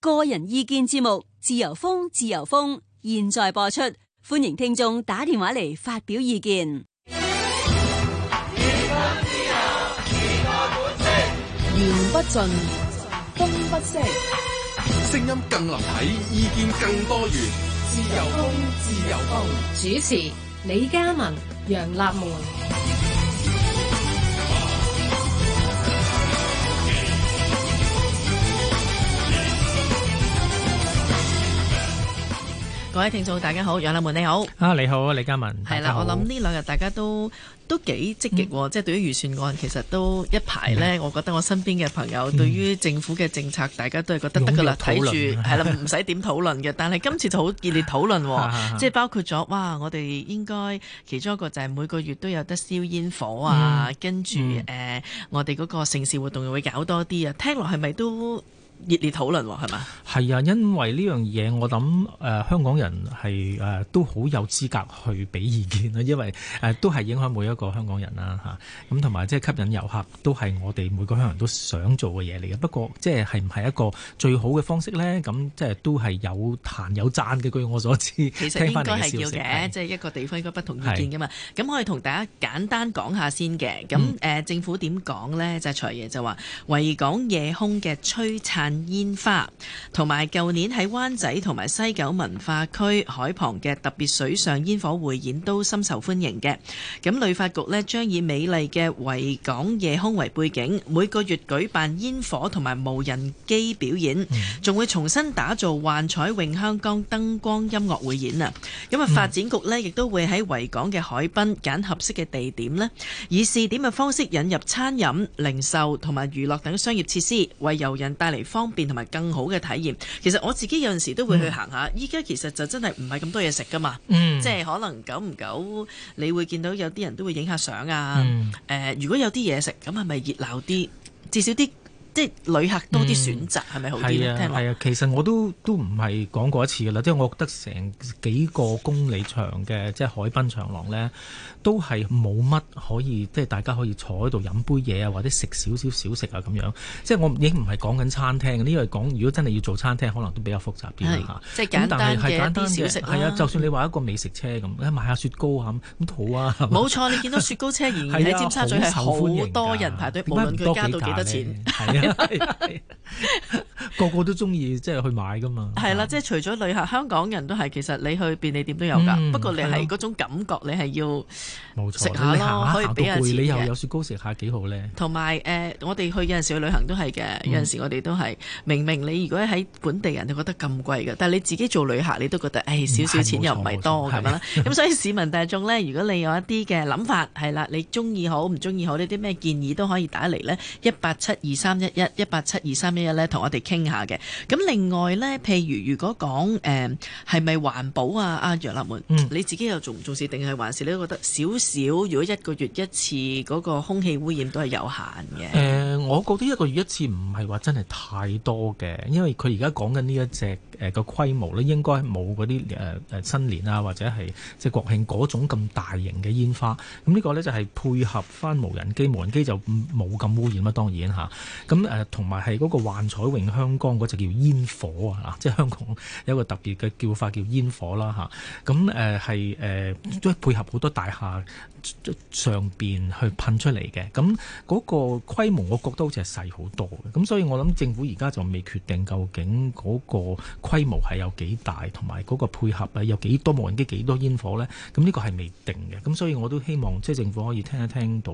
個人意見節目，自由風，自由風，現在播出，歡迎聽眾打電話嚟發表意見。言不，言不，不，言不盡，風不息，聲音更立體，意見更多元。自由風，自由風，主持李家文、楊立門。各位聽眾，大家好，楊立文你好。啊，你好，李嘉文。係啦，我諗呢兩日大家都都幾積極、嗯，即係對於預算案，其實都一排呢、嗯。我覺得我身邊嘅朋友、嗯、對於政府嘅政策，大家都係覺得得㗎啦。睇住係啦，唔使點討論嘅。是論 但係今次就好熱烈討論，哈哈哈哈，即係包括咗哇！我哋應該其中一個就係每個月都有得燒煙火啊，嗯、跟住誒、嗯呃，我哋嗰個盛事活動又會搞多啲啊。聽落係咪都？熱烈討論喎，係嘛？係啊，因為呢樣嘢我諗誒、呃、香港人係誒、呃、都好有資格去俾意見啦，因為誒、呃、都係影響每一個香港人啦嚇。咁同埋即係吸引遊客都係我哋每個香港人都想做嘅嘢嚟嘅。不過即係係唔係一個最好嘅方式呢？咁即係都係有彈有讚嘅。據我所知，其實應該係要嘅，即係、就是、一個地方應該不同意見嘅嘛。咁可以同大家簡單講下先嘅。咁誒、嗯呃、政府點講呢？就財、是、爺就話維港夜空嘅璀璨。煙花同埋舊年喺灣仔同埋西九文化區海旁嘅特別水上煙火匯演都深受歡迎嘅。咁旅發局咧，將以美麗嘅維港夜空為背景，每個月舉辦煙火同埋無人機表演，仲會重新打造幻彩詠香江燈光音樂會演啊！咁啊發展局咧，亦都會喺維港嘅海濱揀合適嘅地點咧，以試點嘅方式引入餐飲、零售同埋娛樂等商業設施，為遊人帶嚟。方便同埋更好嘅體驗，其實我自己有陣時都會去行下。依、嗯、家其實就真係唔係咁多嘢食㗎嘛，嗯、即係可能久唔久，你會見到有啲人都會影下相啊。誒、嗯呃，如果有啲嘢食，咁係咪熱鬧啲？至少啲。即係旅客多啲選擇係咪好啲、嗯、啊，係啊，其實我都都唔係講過一次噶啦，即係我覺得成幾個公里長嘅即係海濱長廊咧，都係冇乜可以即係大家可以坐喺度飲杯嘢啊，或者食少少小食啊咁樣。即係我已經唔係講緊餐廳呢呢樣講，如果真係要做餐廳，可能都比較複雜啲嚇、嗯嗯。即係簡單嘅，啲小食係啊。就算你話一個美食車咁，買買下雪糕啊咁，咁好啊。冇、嗯、錯， 你見到雪糕車而家喺尖沙咀係好多人排隊，啊、無論佢加到幾多錢。 係係，個個都中意即係去買噶嘛？係啦，即係除咗旅客，香港人都係。其實你去便利店都有噶、嗯，不過你係嗰種感覺，你係要食下咯，可以俾人錢嘅。你又有雪糕食下幾好咧。同埋誒，我哋去有陣時去旅行都係嘅，有陣時我哋都係、嗯。明明你如果喺本地人你覺得咁貴嘅，但係你自己做旅客，你都覺得誒少少錢又唔係多咁啦。咁所以市民大眾咧，如果你有一啲嘅諗法，係啦， 你中意好唔中意好，呢啲咩建議都可以打嚟咧，一八七二三一。1, 1, 8, 7, 2, 3, 1, 一一八七二三一一咧，同我哋傾下嘅。咁另外咧，譬如如果講係咪環保啊？阿、啊、楊立門、嗯，你自己又重唔重視定係還是你都覺得少少？如果一個月一次嗰、那個空氣污染都係有限嘅、呃。我覺得一個月一次唔係話真係太多嘅，因為佢而家講緊呢一隻誒個規模咧，應該冇嗰啲新年啊或者係即係國慶嗰種咁大型嘅煙花。咁呢個咧就係配合翻無人機，無人機就冇咁污染啦。當然嚇咁。啊。咁同埋係嗰個幻彩詠香江嗰隻叫煙火啊，即係香港有一個特別嘅叫法叫煙火啦嚇，咁誒係誒都配合好多大廈，上邊去噴出嚟嘅，咁嗰個規模，我覺得好似係細好多嘅，咁所以我諗政府而家就未決定究竟嗰個規模係有幾大，同埋嗰個配合啊，有幾多無人機，幾多煙火呢？咁呢個係未定嘅，咁所以我都希望即係政府可以聽一聽到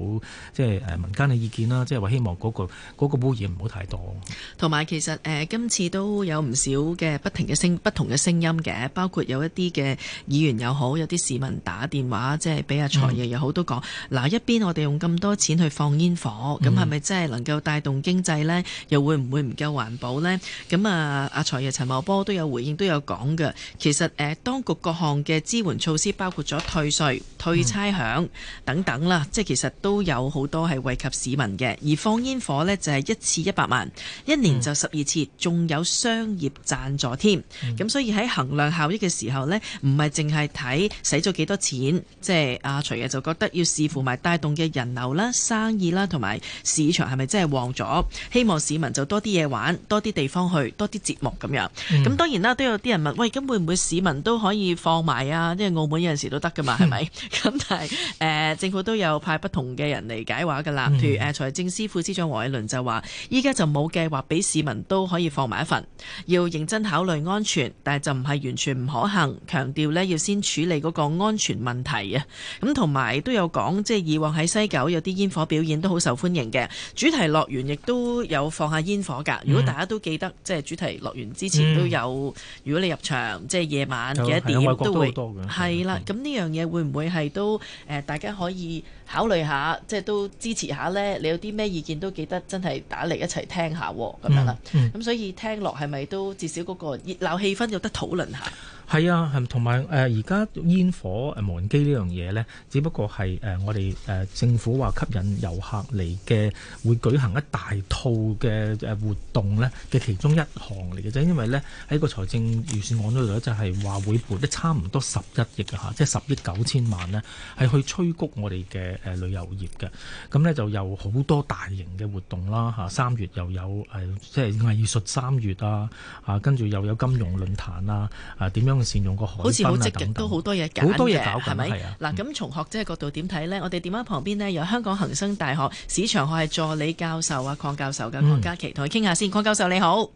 即係民間嘅意見啦，即係話希望嗰、嗰個污染唔好太多。同埋其實誒、呃、今次都有唔少嘅不停嘅聲，不同嘅聲音嘅，包括有一啲嘅議員又好，有啲市民打電話即係俾阿財爺、嗯。有好多講嗱，一邊我哋用咁多錢去放煙火，咁係咪真係能夠帶動經濟呢？又會唔會唔夠環保呢？咁啊，阿財爺陳茂波都有回應，都有講㗎。其實誒、呃，當局各項嘅支援措施，包括咗退稅、退差餉等等啦，即係其實都有好多係惠及市民嘅。而放煙火呢，就係、是、一次一百萬，一年就十二次，仲有商業贊助添。咁所以喺衡量效益嘅時候呢，唔係淨係睇使咗幾多錢，即係、啊、阿財爺就。覺得要視乎埋帶動嘅人流啦、生意啦，同埋市場係咪真係旺咗？希望市民就多啲嘢玩，多啲地方去，多啲節目咁樣。咁、嗯、當然啦，都有啲人問：喂，咁會唔會市民都可以放埋啊？因為澳門有陣時都得㗎嘛，係咪？咁 但係、呃、政府都有派不同嘅人嚟解話㗎啦。譬、嗯、如、呃、財政司副司長黃偉綸就話：依家就冇計劃俾市民都可以放埋一份，要認真考慮安全，但係就唔係完全唔可行。強調呢要先處理嗰個安全問題啊！咁同埋。亦都有講，即係以往喺西九有啲煙火表演都好受歡迎嘅，主題樂園亦都有放下煙火㗎。如果大家都記得，即係主題樂園之前都有，嗯、如果你入場即係夜晚幾點都會係啦。咁呢樣嘢會唔會係都誒、呃？大家可以。考慮下，即係都支持下咧。你有啲咩意見都記得，真係打嚟一齊聽下咁、嗯、樣啦。咁、嗯、所以聽落係咪都至少嗰個熱鬧氣氛有得討論下？係啊，係咪同埋誒而家煙火誒無人機呢樣嘢咧？只不過係誒我哋誒政府話吸引遊客嚟嘅，會舉行一大套嘅誒活動咧嘅其中一行嚟嘅啫。因為咧喺個財政預算案嗰度咧，就係話會撥得差唔多十一億啊嚇，即係十億九千萬呢，係去催谷我哋嘅。誒，旅遊業嘅，咁咧就有好多大型嘅活動啦，吓三月又有誒，即係藝術三月啊，吓跟住又有金融論壇啦，啊，點樣去善用個海濱，好似好積極，都好多嘢搞。好多嘢搞，係咪？嗱、啊，咁、嗯、從學者嘅角度點睇咧？我哋電話旁邊呢，有香港恒生大學市場學系助理教授啊，鄺教授嘅鄺家麒，同佢傾下先，鄺、嗯、教授你好。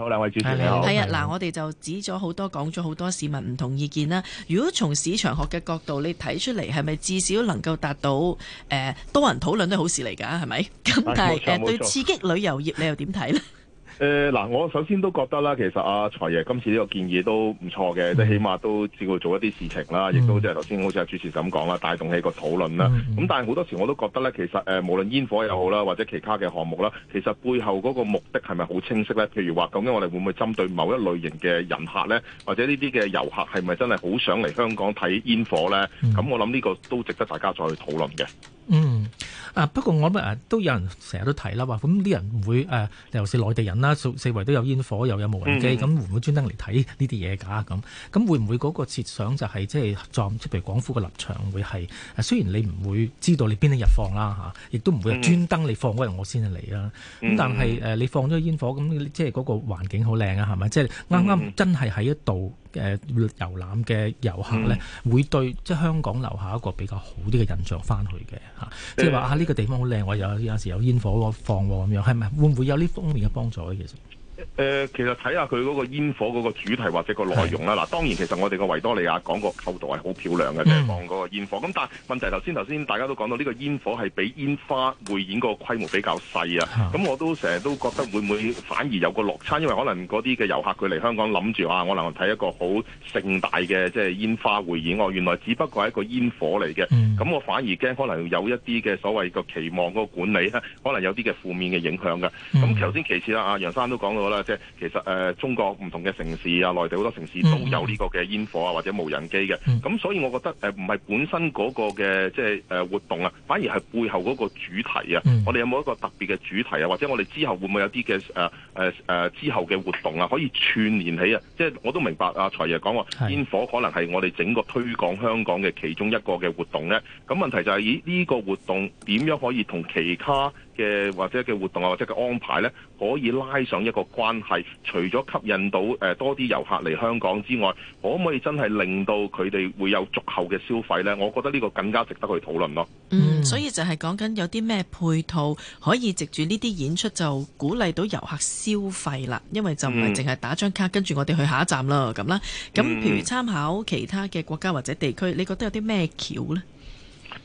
好，兩位主持你好。係啊，嗱，我哋就指咗好多，講咗好多市民唔同意見啦。如果從市場學嘅角度，你睇出嚟係咪至少能夠達到誒、呃、多人討論都好事嚟㗎？係咪？咁但係、哎呃、對刺激旅遊業，你又點睇咧？哎 誒、呃、嗱，我首先都覺得啦，其實啊財爺今次呢個建議都唔錯嘅，即、mm -hmm. 起碼都照顧做一啲事情啦，亦都即係頭先好似阿主持咁講啦，帶動起個討論啦。咁、mm -hmm. 嗯、但係好多時我都覺得咧，其實誒、呃、無論煙火又好啦，或者其他嘅項目啦，其實背後嗰個目的係咪好清晰咧？譬如話咁樣，究竟我哋會唔會針對某一類型嘅人客咧，或者呢啲嘅遊客係咪真係好想嚟香港睇煙火咧？咁、mm -hmm. 嗯、我諗呢個都值得大家再去討論嘅。嗯，啊不過我諗都有人成日都睇啦，話咁啲人唔會誒、呃，尤其是內地人啦，四圍都有煙火又有無人機，咁、嗯、會唔會專登嚟睇呢啲嘢㗎咁？咁會唔會嗰個設想就係、是、即係撞，出邊廣府嘅立場會，會係雖然你唔會知道你邊一日放啦，亦都唔會專登你放嗰日我先嚟啦。咁、嗯、但係、嗯、你放咗煙火，咁即係嗰個環境好靚啊，係咪？即係啱啱真係喺一度。誒、呃、遊覽嘅遊客咧、嗯，會對即係、就是、香港留下一個比較好啲嘅印象翻去嘅嚇，即係話啊呢，這個地方好靚，我有有時有煙火放喎咁樣，係咪會唔會有呢方面嘅幫助咧？其實？誒、呃，其實睇下佢嗰個煙火嗰個主題或者個內容啦。嗱，當然其實我哋個維多利亞港個構圖係好漂亮嘅，即係放嗰個煙火。咁但係問題頭先頭先大家都講到，呢個煙火係比煙花匯演個規模比較細啊。咁、嗯、我都成日都覺得會唔會反而有個落差，因為可能嗰啲嘅遊客佢嚟香港諗住啊，我能睇一個好盛大嘅即係煙花匯演，我原來只不過係一個煙火嚟嘅。咁、嗯、我反而驚可能有一啲嘅所謂個期望嗰個管理咧，可能有啲嘅負面嘅影響嘅。咁頭先其次啊，阿楊生都講到。啦，即係其實誒、呃，中國唔同嘅城市啊，內地好多城市都有呢個嘅煙火啊，或者無人機嘅。咁、嗯、所以我覺得誒，唔、呃、係本身嗰個嘅即係誒活動啊，反而係背後嗰個主題啊、嗯。我哋有冇一個特別嘅主題啊？或者我哋之後會唔會有啲嘅誒誒誒之後嘅活動啊？可以串聯起啊？即、嗯、係、就是、我都明白阿財爺講話煙火可能係我哋整個推廣香港嘅其中一個嘅活動咧。咁問題就係以呢個活動點樣可以同其他嘅或者嘅活動啊，或者嘅安排咧，可以拉上一個關係，除咗吸引到誒、呃、多啲遊客嚟香港之外，可唔可以真係令到佢哋會有續後嘅消費咧？我覺得呢個更加值得去討論咯。嗯，所以就係講緊有啲咩配套可以藉住呢啲演出就鼓勵到遊客消費啦。因為就唔係淨係打張卡、嗯、跟住我哋去下一站啦咁啦。咁譬如參考其他嘅國家或者地區，你覺得有啲咩橋咧？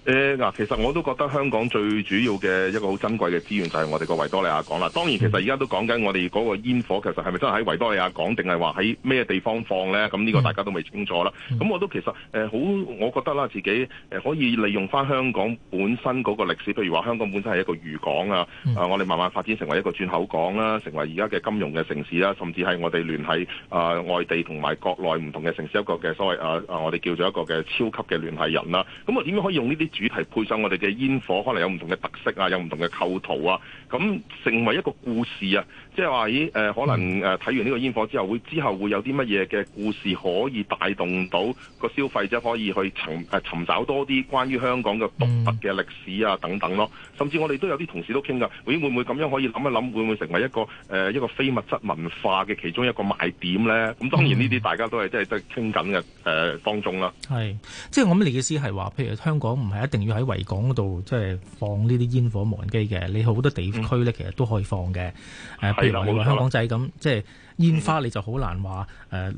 嗱、呃，其實我都覺得香港最主要嘅一個好珍貴嘅資源就係我哋個維多利亞港啦。當然，其實而家都講緊我哋嗰個煙火，其實係咪真係喺維多利亞港，定係話喺咩地方放呢？咁呢個大家都未清楚啦。咁我都其實誒好、呃，我覺得啦，自己、呃、可以利用翻香港本身嗰個歷史，譬如話香港本身係一個漁港啊、呃，我哋慢慢發展成為一個轉口港啦，成為而家嘅金融嘅城市啦，甚至係我哋聯繫啊、呃、外地同埋國內唔同嘅城市一個嘅所謂啊、呃、我哋叫做一個嘅超級嘅聯繫人啦。咁啊，點樣可以用呢啲？主題配上我哋嘅煙火，可能有唔同嘅特色啊，有唔同嘅構圖啊，咁成為一個故事啊。即係話咦，誒可能誒睇、呃、完呢個煙火之後，會之後會有啲乜嘢嘅故事可以帶動到個消費者可以去尋、呃、尋找多啲關於香港嘅獨特嘅歷史啊等等咯。甚至我哋都有啲同事都傾噶，會唔會咁樣可以諗一諗，會唔會成為一個誒、呃、一個非物質文化嘅其中一個賣點咧？咁當然呢啲大家都係、嗯、即係都傾緊嘅誒當中啦。係，即係我嘅意思係話，譬如香港唔係一定要喺維港嗰度即係放呢啲煙火無人機嘅，你好多地區咧、嗯、其實都可以放嘅。呃譬如香港仔咁，即係煙花，你就好難話誒。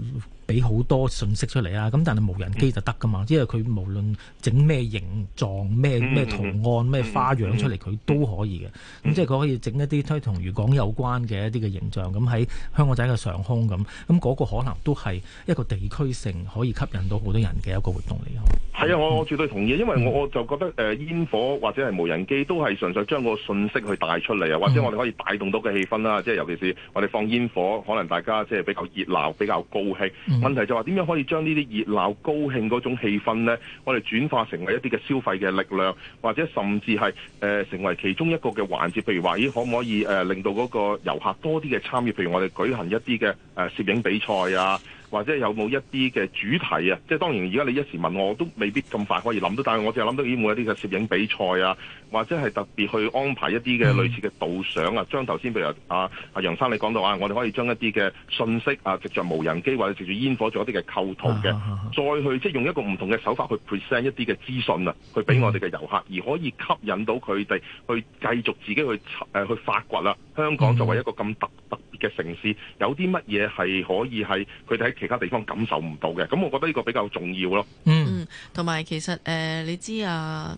俾好多信息出嚟啊！咁但係無人機就得㗎嘛，因為佢無論整咩形狀、咩、嗯、咩圖案、咩、嗯、花樣出嚟，佢、嗯、都可以嘅。咁、嗯、即係佢可以整一啲同漁港有關嘅一啲嘅形象，咁喺香港仔嘅上空咁，咁、那、嗰個可能都係一個地區性可以吸引到好多人嘅一個活動嚟嘅。係啊，我我絕對同意，嗯、因為我我就覺得誒煙火或者係無人機都係純粹將個信息去帶出嚟啊，或者我哋可以帶動到嘅氣氛啦。即係尤其是我哋放煙火，可能大家即係比較熱鬧、比較高興。嗯問題就話點樣可以將呢啲熱鬧高興嗰種氣氛呢，我哋轉化成為一啲嘅消費嘅力量，或者甚至係誒、呃、成為其中一個嘅環節。譬如話，咦，可唔可以誒、呃、令到嗰個遊客多啲嘅參與？譬如我哋舉行一啲嘅誒攝影比賽啊。或者有冇一啲嘅主題啊？即係當然，而家你一時問我，我都未必咁快可以諗到。但係我只係諗到已經冇一啲嘅攝影比賽啊，或者係特別去安排一啲嘅類似嘅導賞、嗯、啊。將頭先譬如阿阿楊生你講到啊，我哋可以將一啲嘅信息啊，藉着無人機或者藉住煙火做一啲嘅構圖嘅、啊，再去即係、啊就是、用一個唔同嘅手法去 present 一啲嘅資訊啊，去俾我哋嘅遊客，而可以吸引到佢哋去繼續自己去誒、呃、去發掘啦。香港作為一個咁特特別嘅城市，嗯、有啲乜嘢係可以係佢哋喺其他地方感受唔到嘅，咁我覺得呢個比較重要咯。嗯，嗯、同埋其實誒、呃，你知啊。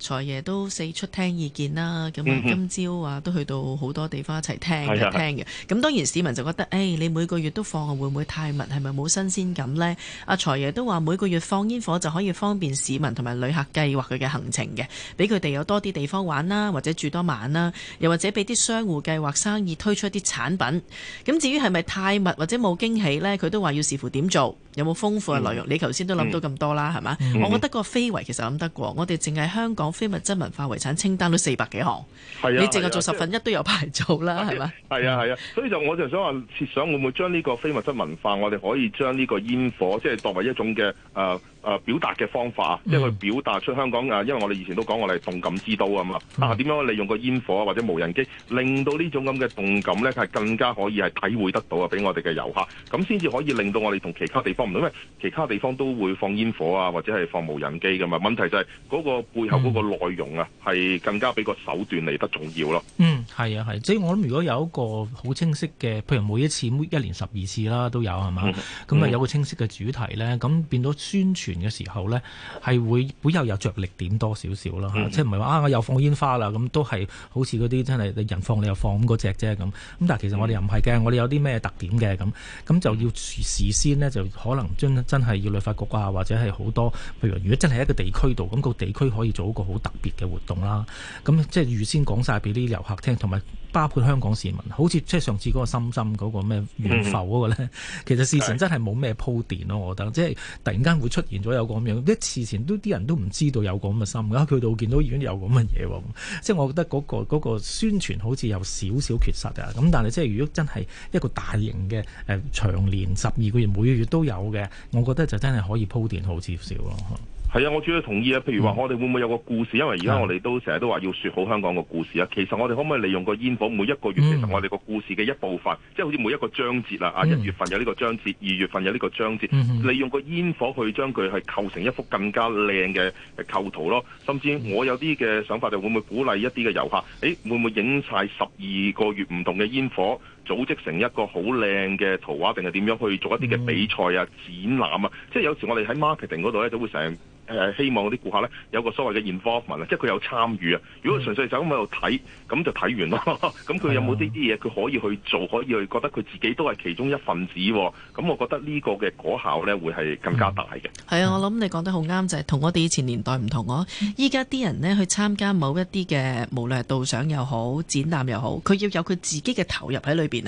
財爺都四出聽意見啦，咁啊今朝啊都去到好多地方一齊聽一聽嘅。咁、嗯、當然市民就覺得，誒、哎、你每個月都放，會唔會太密？係咪冇新鮮感呢？阿財爺都話每個月放煙火就可以方便市民同埋旅客計劃佢嘅行程嘅，俾佢哋有多啲地方玩啦，或者住多晚啦，又或者俾啲商戶計劃生意推出啲產品。咁至於係咪太密或者冇驚喜呢？佢都話要視乎點做，有冇豐富嘅內容。你頭先都諗到咁多啦，係、嗯、嘛、嗯？我覺得個非遺其實諗得過，我哋淨係香港。非物質文化遺產清單都四百幾項，係啊，你淨係做十分一都有排做啦，係咪？啊？係啊係啊，啊，所以就我就想話，設想會唔會將呢個非物質文化，我哋可以將呢個煙火，即係作為一種嘅。誒。呃誒、呃、表達嘅方法啊，即係佢表達出香港，因為我哋以前都講我哋係動感之都啊嘛。嗯、啊點樣利用個煙火或者無人機，令到呢種咁嘅動感咧係更加可以係體會得到啊，俾我哋嘅遊客，咁先至可以令到我哋同其他地方唔同，因為其他地方都會放煙火啊或者係放無人機噶嘛。問題就係嗰個背後嗰個內容啊，係更加比個手段嚟得重要咯。嗯，係啊，係，即係我諗如果有一個好清晰嘅，譬如每一次一年十二次啦都有係嘛，咁啊、嗯、有個清晰嘅主題咧，咁、嗯、變到宣傳嘅時候呢係會會又有着力點多少少啦，即係唔係話啊我又放煙花啦，咁都係好似嗰啲真係你人放你又放咁嗰隻啫咁。咁但係其實我哋又唔係嘅，我哋有啲咩特點嘅咁，咁就要事先呢，就可能將真係要旅發局啊，或者係好多譬如如果真係一個地區度咁個地區可以做一個好特別嘅活動啦，啊，咁即係預先講晒俾啲遊客聽，同埋。包括香港市民，好似即係上次嗰個心心嗰、那個咩元浮嗰、那個咧、嗯，其實事前真係冇咩鋪墊咯。我覺得即係突然間會出現咗有個咁樣，啲事前都啲人都唔知道有個咁嘅心。而佢去到見到已經有咁嘅嘢喎，即係我覺得嗰、那個那個宣傳好似有少少缺失啊。咁但係即係如果真係一個大型嘅誒、呃、長年十二個月，每個月都有嘅，我覺得就真係可以鋪墊好少少咯。嗯。係啊，我主要同意啊。譬如話，我哋會唔會有個故事？因為而家我哋都成日都話要說好香港個故事啊。其實我哋可唔可以利用個煙火，每一個月其實我哋個故事嘅一部分，即係好似每一個章節啦。啊、嗯，一月份有呢個章節，二月份有呢個章節、嗯。利用個煙火去將佢係構成一幅更加靚嘅構圖咯。甚至我有啲嘅想法，就會唔會鼓勵一啲嘅遊客？誒，會唔會影晒十二個月唔同嘅煙火？組織成一個好靚嘅圖畫，定係點樣去做一啲嘅比賽啊、展覽啊？嗯、即係有時我哋喺 marketing 嗰度咧，就會成日誒、呃、希望啲顧客咧有個所謂嘅 involvement 即係佢有參與啊！如果純粹看、嗯、就咁喺度睇，咁就睇完咯。咁佢有冇呢啲嘢，佢可以去做，可以去覺得佢自己都係其中一份子、啊。咁我覺得呢個嘅果效咧，會係更加大嘅。係、嗯、啊，我諗你講得好啱，就係、是、同我哋以前年代唔同、啊。我依家啲人呢，去參加某一啲嘅，無論係導賞又好、展覽又好，佢要有佢自己嘅投入喺裏邊。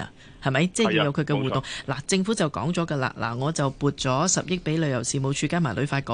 係咪？即、就、係、是、要有佢嘅互動。嗱，政府就講咗噶啦。嗱，我就撥咗十億俾旅遊事務處加埋旅發局。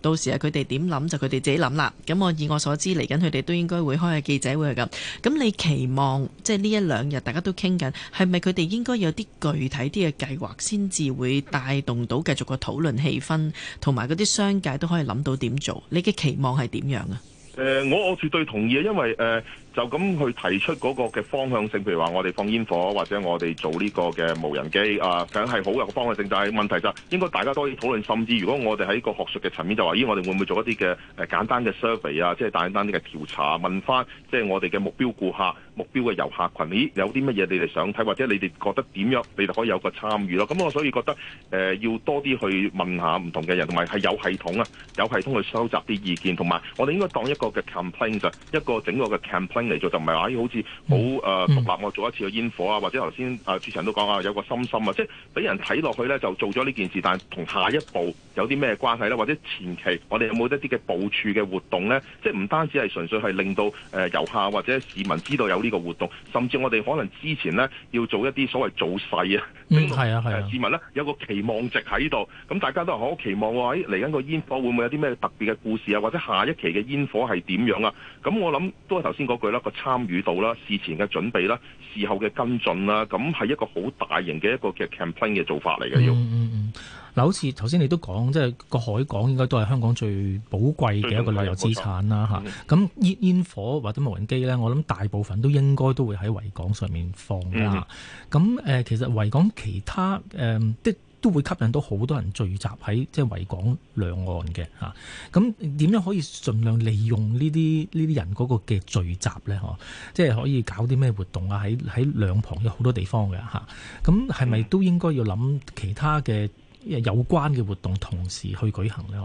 到時啊，佢哋點諗就佢哋自己諗啦。咁我以我所知，嚟緊佢哋都應該會開下記者會係咁。咁你期望即係呢一兩日大家都傾緊，係咪佢哋應該有啲具體啲嘅計劃，先至會帶動到繼續個討論氣氛，同埋嗰啲商界都可以諗到點做？你嘅期望係點樣啊？誒、呃，我我絕對同意啊，因為誒。呃就咁去提出嗰個嘅方向性，譬如話我哋放煙火，或者我哋做呢個嘅無人機啊，梗係好有個方向性。但、就、係、是、問題就應該大家多啲討論，甚至如果我哋喺個學術嘅層面就話，咦，我哋會唔會做一啲嘅誒簡單嘅 survey 啊，即係簡單啲嘅調查，問翻即係我哋嘅目標顧客、目標嘅遊客群，咦，有啲乜嘢你哋想睇，或者你哋覺得點樣，你哋可以有個參與咯。咁我所以覺得、呃、要多啲去問下唔同嘅人，同埋係有系統啊，有系統去收集啲意見，同埋我哋應該當一個嘅 campaign 就一個整個嘅 campaign 嚟、嗯、做、嗯、就唔係話好似好誒獨立，我做一次嘅煙火啊，或者頭先啊主持人都講啊，有個心心啊，即係俾人睇落去咧，就做咗呢件事，但同下一步有啲咩關係咧？或者前期我哋有冇一啲嘅部署嘅活動咧？即係唔單止係純粹係令到誒、呃、遊客或者市民知道有呢個活動，甚至我哋可能之前咧要做一啲所謂造勢啊，是啊、是啊、呃、市民咧有個期望值喺度。咁、嗯、大家都係好期望喎，嚟緊個煙火會唔會有啲咩特別嘅故事啊？或者下一期嘅煙火係點樣啊？咁、嗯、我諗都係頭先嗰句一個參與度啦，事前嘅準備啦，事後嘅跟進啦，咁係一個好大型嘅一個嘅 campaign 嘅做法嚟嘅。要嗯嗯嗱、嗯，好似頭先你都講，即係個海港應該都係香港最寶貴嘅一個旅遊資產啦，吓，咁煙煙火或者無人機咧，我諗大部分都應該都會喺維港上面放。咁誒、嗯嗯呃，其實維港其他誒的。呃都會吸引到好多人聚集喺，即係維港兩岸嘅吓，咁點樣可以盡量利用呢啲呢啲人嗰個嘅聚集呢？哦，即係可以搞啲咩活動啊？喺喺兩旁有好多地方嘅吓，咁係咪都應該要諗其他嘅有關嘅活動同時去舉行呢？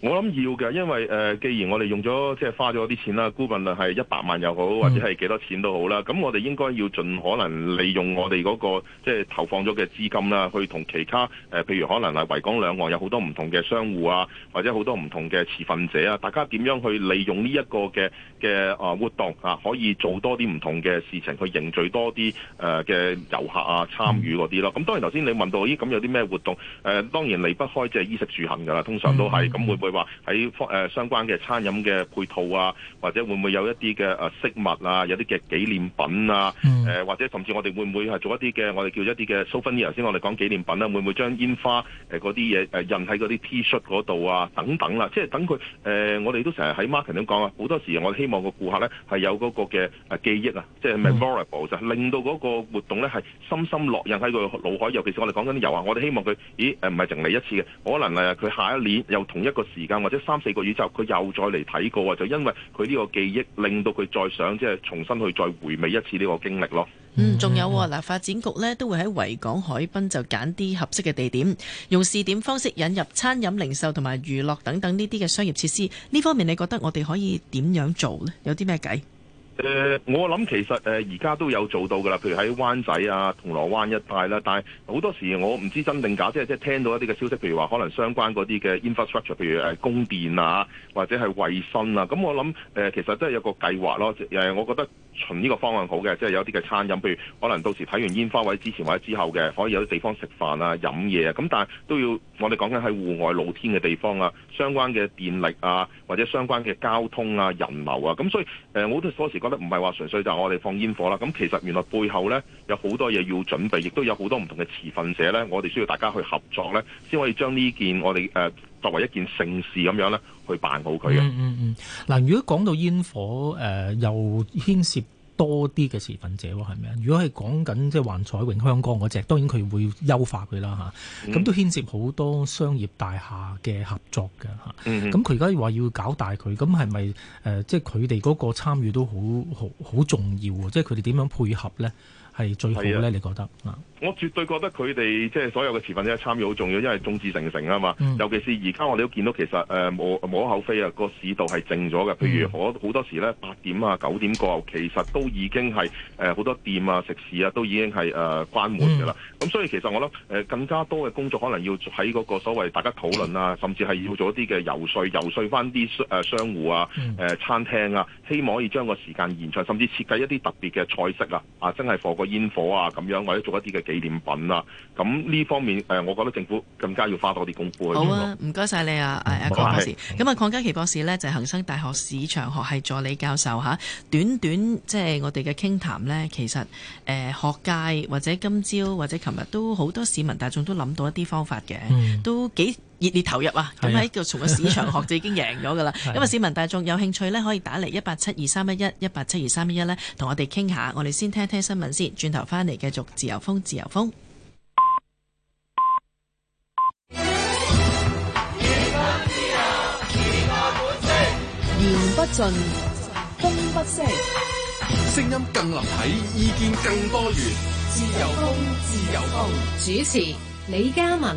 我諗要嘅，因為誒、呃，既然我哋用咗即係花咗啲錢啦，估份啦係一百萬又好，或者係幾多錢都好啦，咁、嗯、我哋應該要盡可能利用我哋嗰、那個即係投放咗嘅資金啦，去同其他誒、呃，譬如可能係維港兩岸有好多唔同嘅商戶啊，或者好多唔同嘅持份者啊，大家點樣去利用呢一個嘅嘅、呃、活動啊，可以做多啲唔同嘅事情，去凝聚多啲誒嘅遊客啊參與嗰啲咯。咁、嗯、當然頭先你問到咦咁有啲咩活動誒、呃，當然離不開即係衣食住行噶啦，通常都係咁會。嗯嗯嗯佢話喺誒相關嘅餐飲嘅配套啊，或者會唔會有一啲嘅誒飾物啊，有啲嘅紀念品啊，誒、mm. 或者甚至我哋會唔會係做一啲嘅我哋叫一啲嘅 Souvenir，先我哋講紀念品啊，會唔會將煙花誒啲嘢誒印喺嗰啲 t 恤 h 度啊等等啦，即係等佢誒我哋都成日喺 marketing 點啊，好多時我哋希望個顧客咧係有嗰個嘅誒記憶啊，即係、呃就是、memorable 就、mm. 令到嗰個活動咧係深深烙印喺佢腦海，尤其是我哋講緊啲遊啊，我哋希望佢咦誒唔係淨嚟一次嘅，可能誒佢、呃、下一年又同一個。時間或者三四個月之後，佢又再嚟睇過，就因為佢呢個記憶令到佢再想，即係重新去再回味一次呢個經歷咯。嗯，仲有喎、啊，嗱發展局呢都會喺維港海濱就揀啲合適嘅地點，用試點方式引入餐飲、零售同埋娛樂等等呢啲嘅商業設施。呢方面你覺得我哋可以點樣做呢？有啲咩計？誒、呃，我諗其實誒而家都有做到㗎啦，譬如喺灣仔啊、銅鑼灣一帶啦，但係好多時我唔知真定假，即係即係聽到一啲嘅消息，譬如話可能相關嗰啲嘅 infrastructure，譬如誒供電啊，或者係衛生啊，咁我諗誒、呃、其實都係有個計劃咯，呃、我覺得。循呢個方向好嘅，即係有啲嘅餐飲，譬如可能到時睇完煙花，位之前或者之後嘅，可以有啲地方食飯啊、飲嘢啊。咁但係都要，我哋講緊喺戶外露天嘅地方啊，相關嘅電力啊，或者相關嘅交通啊、人流啊。咁所以，誒，我好多時覺得唔係話純粹就係我哋放煙火啦。咁其實原來背後呢，有好多嘢要準備，亦都有好多唔同嘅持份者呢。我哋需要大家去合作呢，先可以將呢件我哋誒。呃作為一件盛事咁樣咧，去辦好佢嘅，嗯。嗯嗯，嗱，如果講到煙火、呃，誒又牽涉多啲嘅持份者喎，係咪？如果係講緊即係幻彩永香江嗰隻，當然佢會優化佢啦吓。咁，啊嗯，都牽涉好多商業大廈嘅合作嘅吓。咁佢而家話要搞大佢，咁係咪？誒、呃，即係佢哋嗰個參與都好好好重要啊！即係佢哋點樣配合咧，係最好咧？你覺得啊？我絕對覺得佢哋即係所有嘅持份者參與好重要，因為眾志成城啊嘛，嗯。尤其是而家我哋都見到其實誒冇冇口飛啊，個市道係靜咗嘅。譬如好、嗯、多時咧八點啊九點過後，其實都已經係誒好多店啊食肆啊都已經係誒、呃、關門噶啦。咁、嗯、所以其實我諗、呃、更加多嘅工作可能要喺嗰個所謂大家討論啊，甚至係要做一啲嘅游説，游説翻啲商戶啊、呃、餐廳啊，希望可以將個時間延長，甚至設計一啲特別嘅菜式啊，啊真係放個煙火啊咁樣，或者做一啲嘅。紀念品啦，咁呢方面誒、呃，我覺得政府更加要花多啲功夫。好啊，唔該晒你啊，鄺家麒博士。咁啊，鄺家麒博士呢，就係、恒生大學市場學系助理教授嚇、啊。短短即係、就係、我哋嘅傾談呢，其實誒、呃、學界或者今朝或者琴日都好多市民大眾都諗到一啲方法嘅、嗯，都幾熱烈投入啊！咁喺個從個市場學就已經贏咗㗎喇。因為市民大眾有興趣咧，可以打嚟一八七二三一一一八七二三一一咧，同我哋傾下。我哋先聽聽新聞先，轉頭返嚟繼續自由風，自由風。言不盡，風不息，聲音更立體，意見更多元。自由風，自由風。主持李嘉文、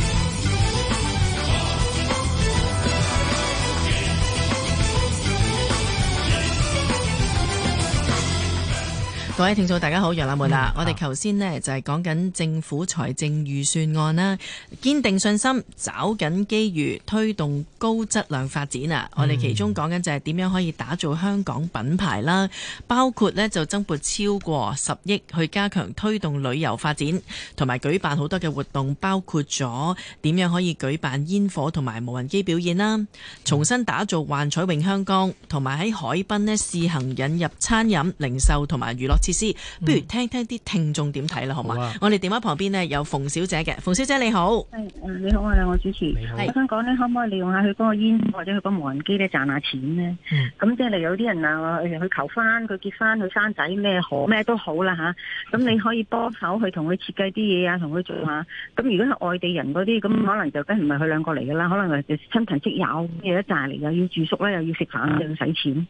各位聽眾大家好，楊立門啊，我哋頭先咧就係講緊政府財政預算案啦，堅定信心，抓緊機遇，推動高質量發展啊、嗯！我哋其中講緊就係點樣可以打造香港品牌啦，包括咧就增撥超過十億去加強推動旅遊發展，同埋舉辦好多嘅活動，包括咗點樣可以舉辦煙火同埋無人機表演啦，重新打造幻彩詠香江，同埋喺海濱咧試行引入餐飲、零售同埋娛樂意、嗯、思，不如聽聽啲聽眾點睇啦，好嘛、啊？我哋電話旁邊呢，有馮小姐嘅。馮小姐你好。你好啊，兩位主持，我想講呢，可唔可以利用下佢嗰個煙，或者佢個無人機咧賺下錢呢？咁、嗯、即係嚟有啲人啊，去求婚佢結婚佢生仔咩好咩都好啦吓，咁、嗯、你可以幫手去同佢設計啲嘢啊，同佢做下。咁如果係外地人嗰啲，咁可能就梗唔係佢兩個嚟噶啦，可能係親朋戚友咩一紮嚟又要住宿咧，又要食飯、嗯，又要使錢。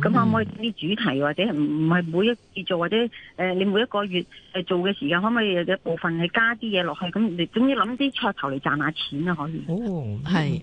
咁、嗯、可唔可以啲主題或者唔係每一次做或者誒、呃、你每一個月做嘅時間可唔可以有一部分係加啲嘢落去咁？你總之諗啲噱頭嚟賺下錢啊，可以。哦，係、嗯，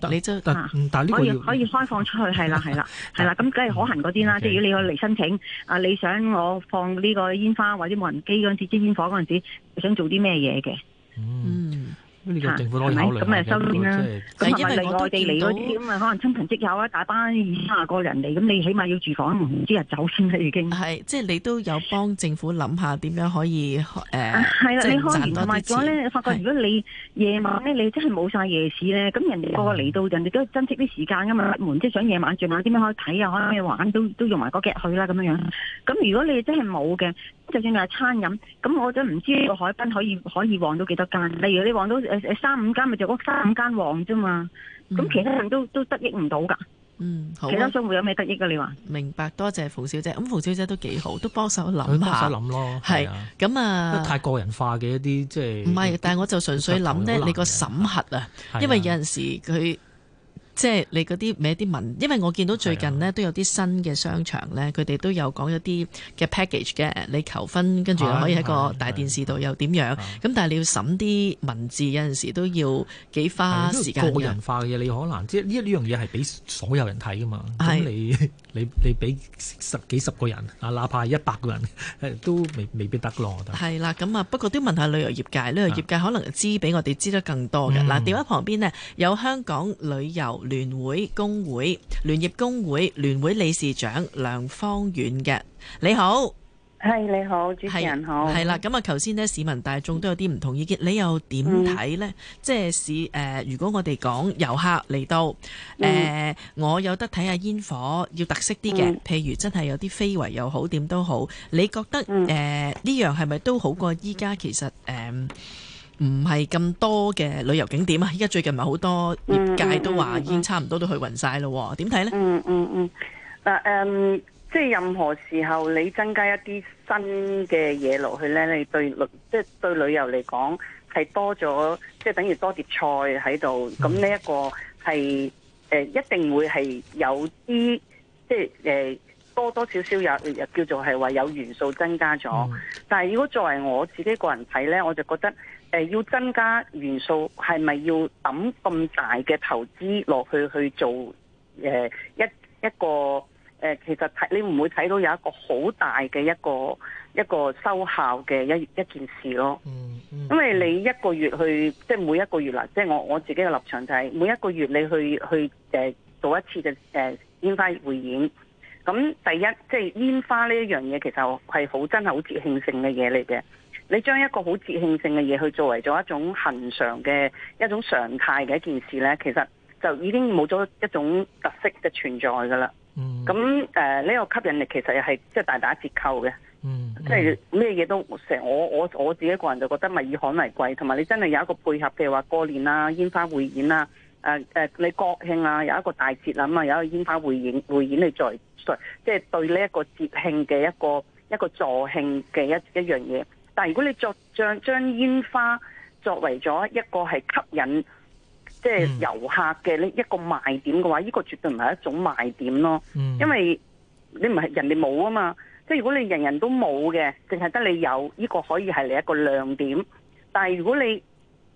但係、啊、可，可以開放出去，係 啦，係啦，係啦。咁梗係可行嗰啲啦。即係如果你要嚟申請，啊，你想我放呢個煙花或者無人機嗰陣支煙火嗰陣想做啲咩嘢嘅？嗯。嚇，係咁咪收錢啦？咁係咪外地嚟嗰啲咁啊？可能親朋戚友啊，大班二卅個人嚟，咁你起碼要住房，唔知啊走曬啦已經。係，即係你都有幫政府諗下點樣可以誒，即係賺多啲錢。咧，發覺如果你夜晚咧，你真係冇晒夜市咧，咁人哋個個嚟到，人哋都珍惜啲時間噶嘛，唔即係想夜晚夜晚啲咩可以睇啊，可以玩，都都用埋嗰腳去啦咁樣樣。咁如果你真係冇嘅，就算係餐飲，咁我真唔知個海濱可以可以旺到幾多間？例如你旺到。誒誒，三五間咪就嗰三五間旺啫嘛，咁其他人都都得益唔到噶。嗯，好。其他商戶有咩得益啊？你話。明白，多謝馮小姐。咁馮小姐都幾好，都幫手諗下。佢幫手諗咯。係，咁啊。太個人化嘅一啲，即係。唔係，但係我就純粹諗咧，你個審核啊，因為有陣時佢。即係你嗰啲咩啲文，因為我見到最近呢都有啲新嘅商場咧，佢哋、啊、都有講一啲嘅 package 嘅，你求婚跟住又可以喺個大電視度又點樣？咁、啊、但係你要審啲文字，有陣時都要幾花時間嘅。啊、個人化嘅嘢，你可能即係呢呢樣嘢係俾所有人睇噶嘛。咁、啊、你你你俾十幾十個人啊，哪怕係一百個人，都未未必得咯。我覺得係啦，咁啊，不過都問一下旅遊業界，旅遊業界可能知、啊、比我哋知得更多嘅。嗱、嗯，電話旁邊呢，有香港旅遊聯會工會聯業工會聯會理事長梁芳遠嘅，你好，係你好，主持人好，係啦。咁啊，頭先呢？市民大眾都有啲唔同意見，你又點睇呢？嗯、即係市誒，如果我哋講遊客嚟到誒、呃嗯，我有得睇下煙火，要特色啲嘅、嗯，譬如真係有啲非遺又好，點都好，你覺得誒呢、嗯呃、樣係咪都好過依家？其實誒。呃唔係咁多嘅旅遊景點啊！依家最近咪好多業界都話已經差唔多都去暈晒咯，點、嗯、睇、嗯嗯、呢？嗯嗯嗯，嗱、嗯嗯、即係任何時候你增加一啲新嘅嘢落去呢，你對旅即係對旅遊嚟講係多咗，即係等於多碟菜喺度。咁呢一個係誒、呃，一定會係有啲即係誒、呃、多多少少也又叫做係話有元素增加咗、嗯。但係如果作為我自己個人睇呢，我就覺得。誒、呃、要增加元素，係咪要抌咁大嘅投資落去去做誒、呃、一一個誒、呃？其實睇你唔會睇到有一個好大嘅一個一個收效嘅一一件事咯嗯。嗯，因為你一個月去即係每一個月啦，即係我我自己嘅立場就係每一個月你去去誒做一次嘅誒煙花匯演。咁第一即係煙花呢一樣嘢，其實係好真係好節慶性嘅嘢嚟嘅。你將一個好節慶性嘅嘢去作為咗一種恒常嘅一種常態嘅一件事呢，其實就已經冇咗一種特色嘅存在噶啦。咁誒呢個吸引力其實又係即係大打折扣嘅。即係咩嘢都成，我我我自己個人就覺得咪以罕為貴，同埋你真係有一個配合嘅話，過年啊，煙花匯演啊，誒、呃、你國慶啊有一個大節啊嘛，有一個煙花匯演匯演你再即係對呢一個節慶嘅一個一個助慶嘅一一樣嘢。但如果你作將將煙花作為咗一個係吸引即係遊客嘅呢一個賣點嘅話，呢、嗯呢個絕對唔係一種賣點咯。嗯、因為你唔係人哋冇啊嘛，即係如果你人人都冇嘅，淨係得你有，呢、呢個可以係你一個亮點，但係如果你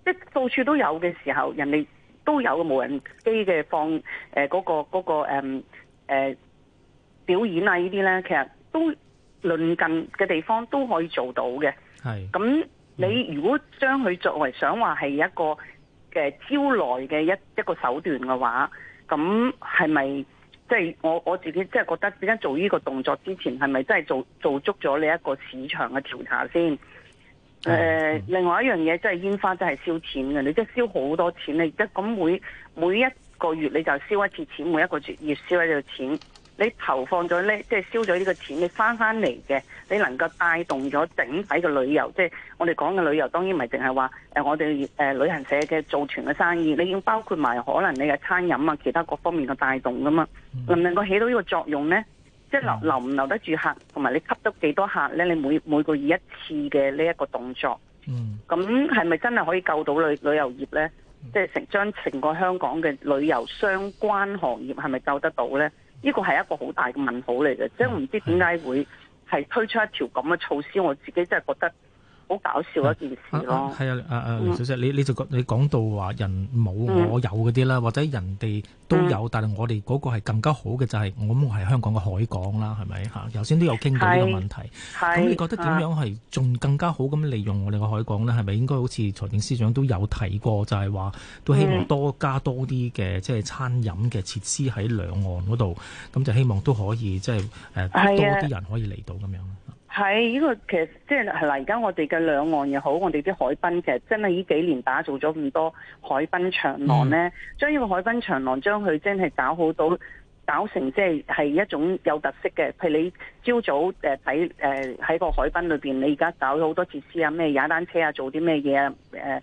即到處都有嘅時候，人哋都有個無人機嘅放誒嗰、呃嗰個嗰、嗰個誒誒、呃呃、表演啊些，呢啲咧，其實都鄰近嘅地方都可以做到嘅。係，咁你如果將佢作為想話係一個嘅招徠嘅一一個手段嘅話，咁係咪即係我我自己即係覺得點解做呢個動作之前係咪真係做做足咗你一個市場嘅調查先？誒，uh, 另外一樣嘢即係煙花真係燒錢嘅，你即係燒好多錢，你即咁每每一個月你就燒一次錢，每一個月燒一次錢。你投放咗呢，即係燒咗呢個錢，你翻翻嚟嘅，你能夠帶動咗整體嘅旅遊，即係我哋講嘅旅遊，當然唔係淨係話誒，我哋誒、呃、旅行社嘅組團嘅生意，你已經包括埋可能你嘅餐飲啊，其他各方面嘅帶動噶嘛，嗯、能唔能夠起到呢個作用呢？即係留留唔留得住客，同埋你吸得幾多客呢？你每每個月一次嘅呢一個動作，咁係咪真係可以救到旅旅遊業呢？即係成將成個香港嘅旅遊相關行業係咪救得到呢？呢個係一個好大嘅問號嚟嘅，即係唔知點解會係推出一條咁嘅措施，我自己真係覺得。好搞笑一件事咯，係 啊，啊啊，黎小姐，嗯、你你就講你講到話人冇我有嗰啲啦，或者人哋都有，嗯、但係我哋嗰個係更加好嘅就係、是，我係香港嘅海港啦，係咪吓？頭先都有傾到呢個問題，咁你覺得點樣係仲更加好咁利用我哋嘅海港呢？係、啊、咪應該好似財政司長都有提過，就係、是、話都希望多加多啲嘅即係餐飲嘅設施喺兩岸嗰度，咁就希望都可以即係誒多啲人可以嚟到咁樣。哎係，呢個其實即係嗱，而家我哋嘅兩岸又好，我哋啲海濱其實真係呢幾年打造咗咁多海濱長廊咧。將呢個海濱長廊將佢真係搞好到，搞成即係係一種有特色嘅。譬如你朝早誒睇誒喺個海濱裏邊，你而家搞咗好多設施啊，咩踩單車啊，做啲咩嘢啊？誒、呃，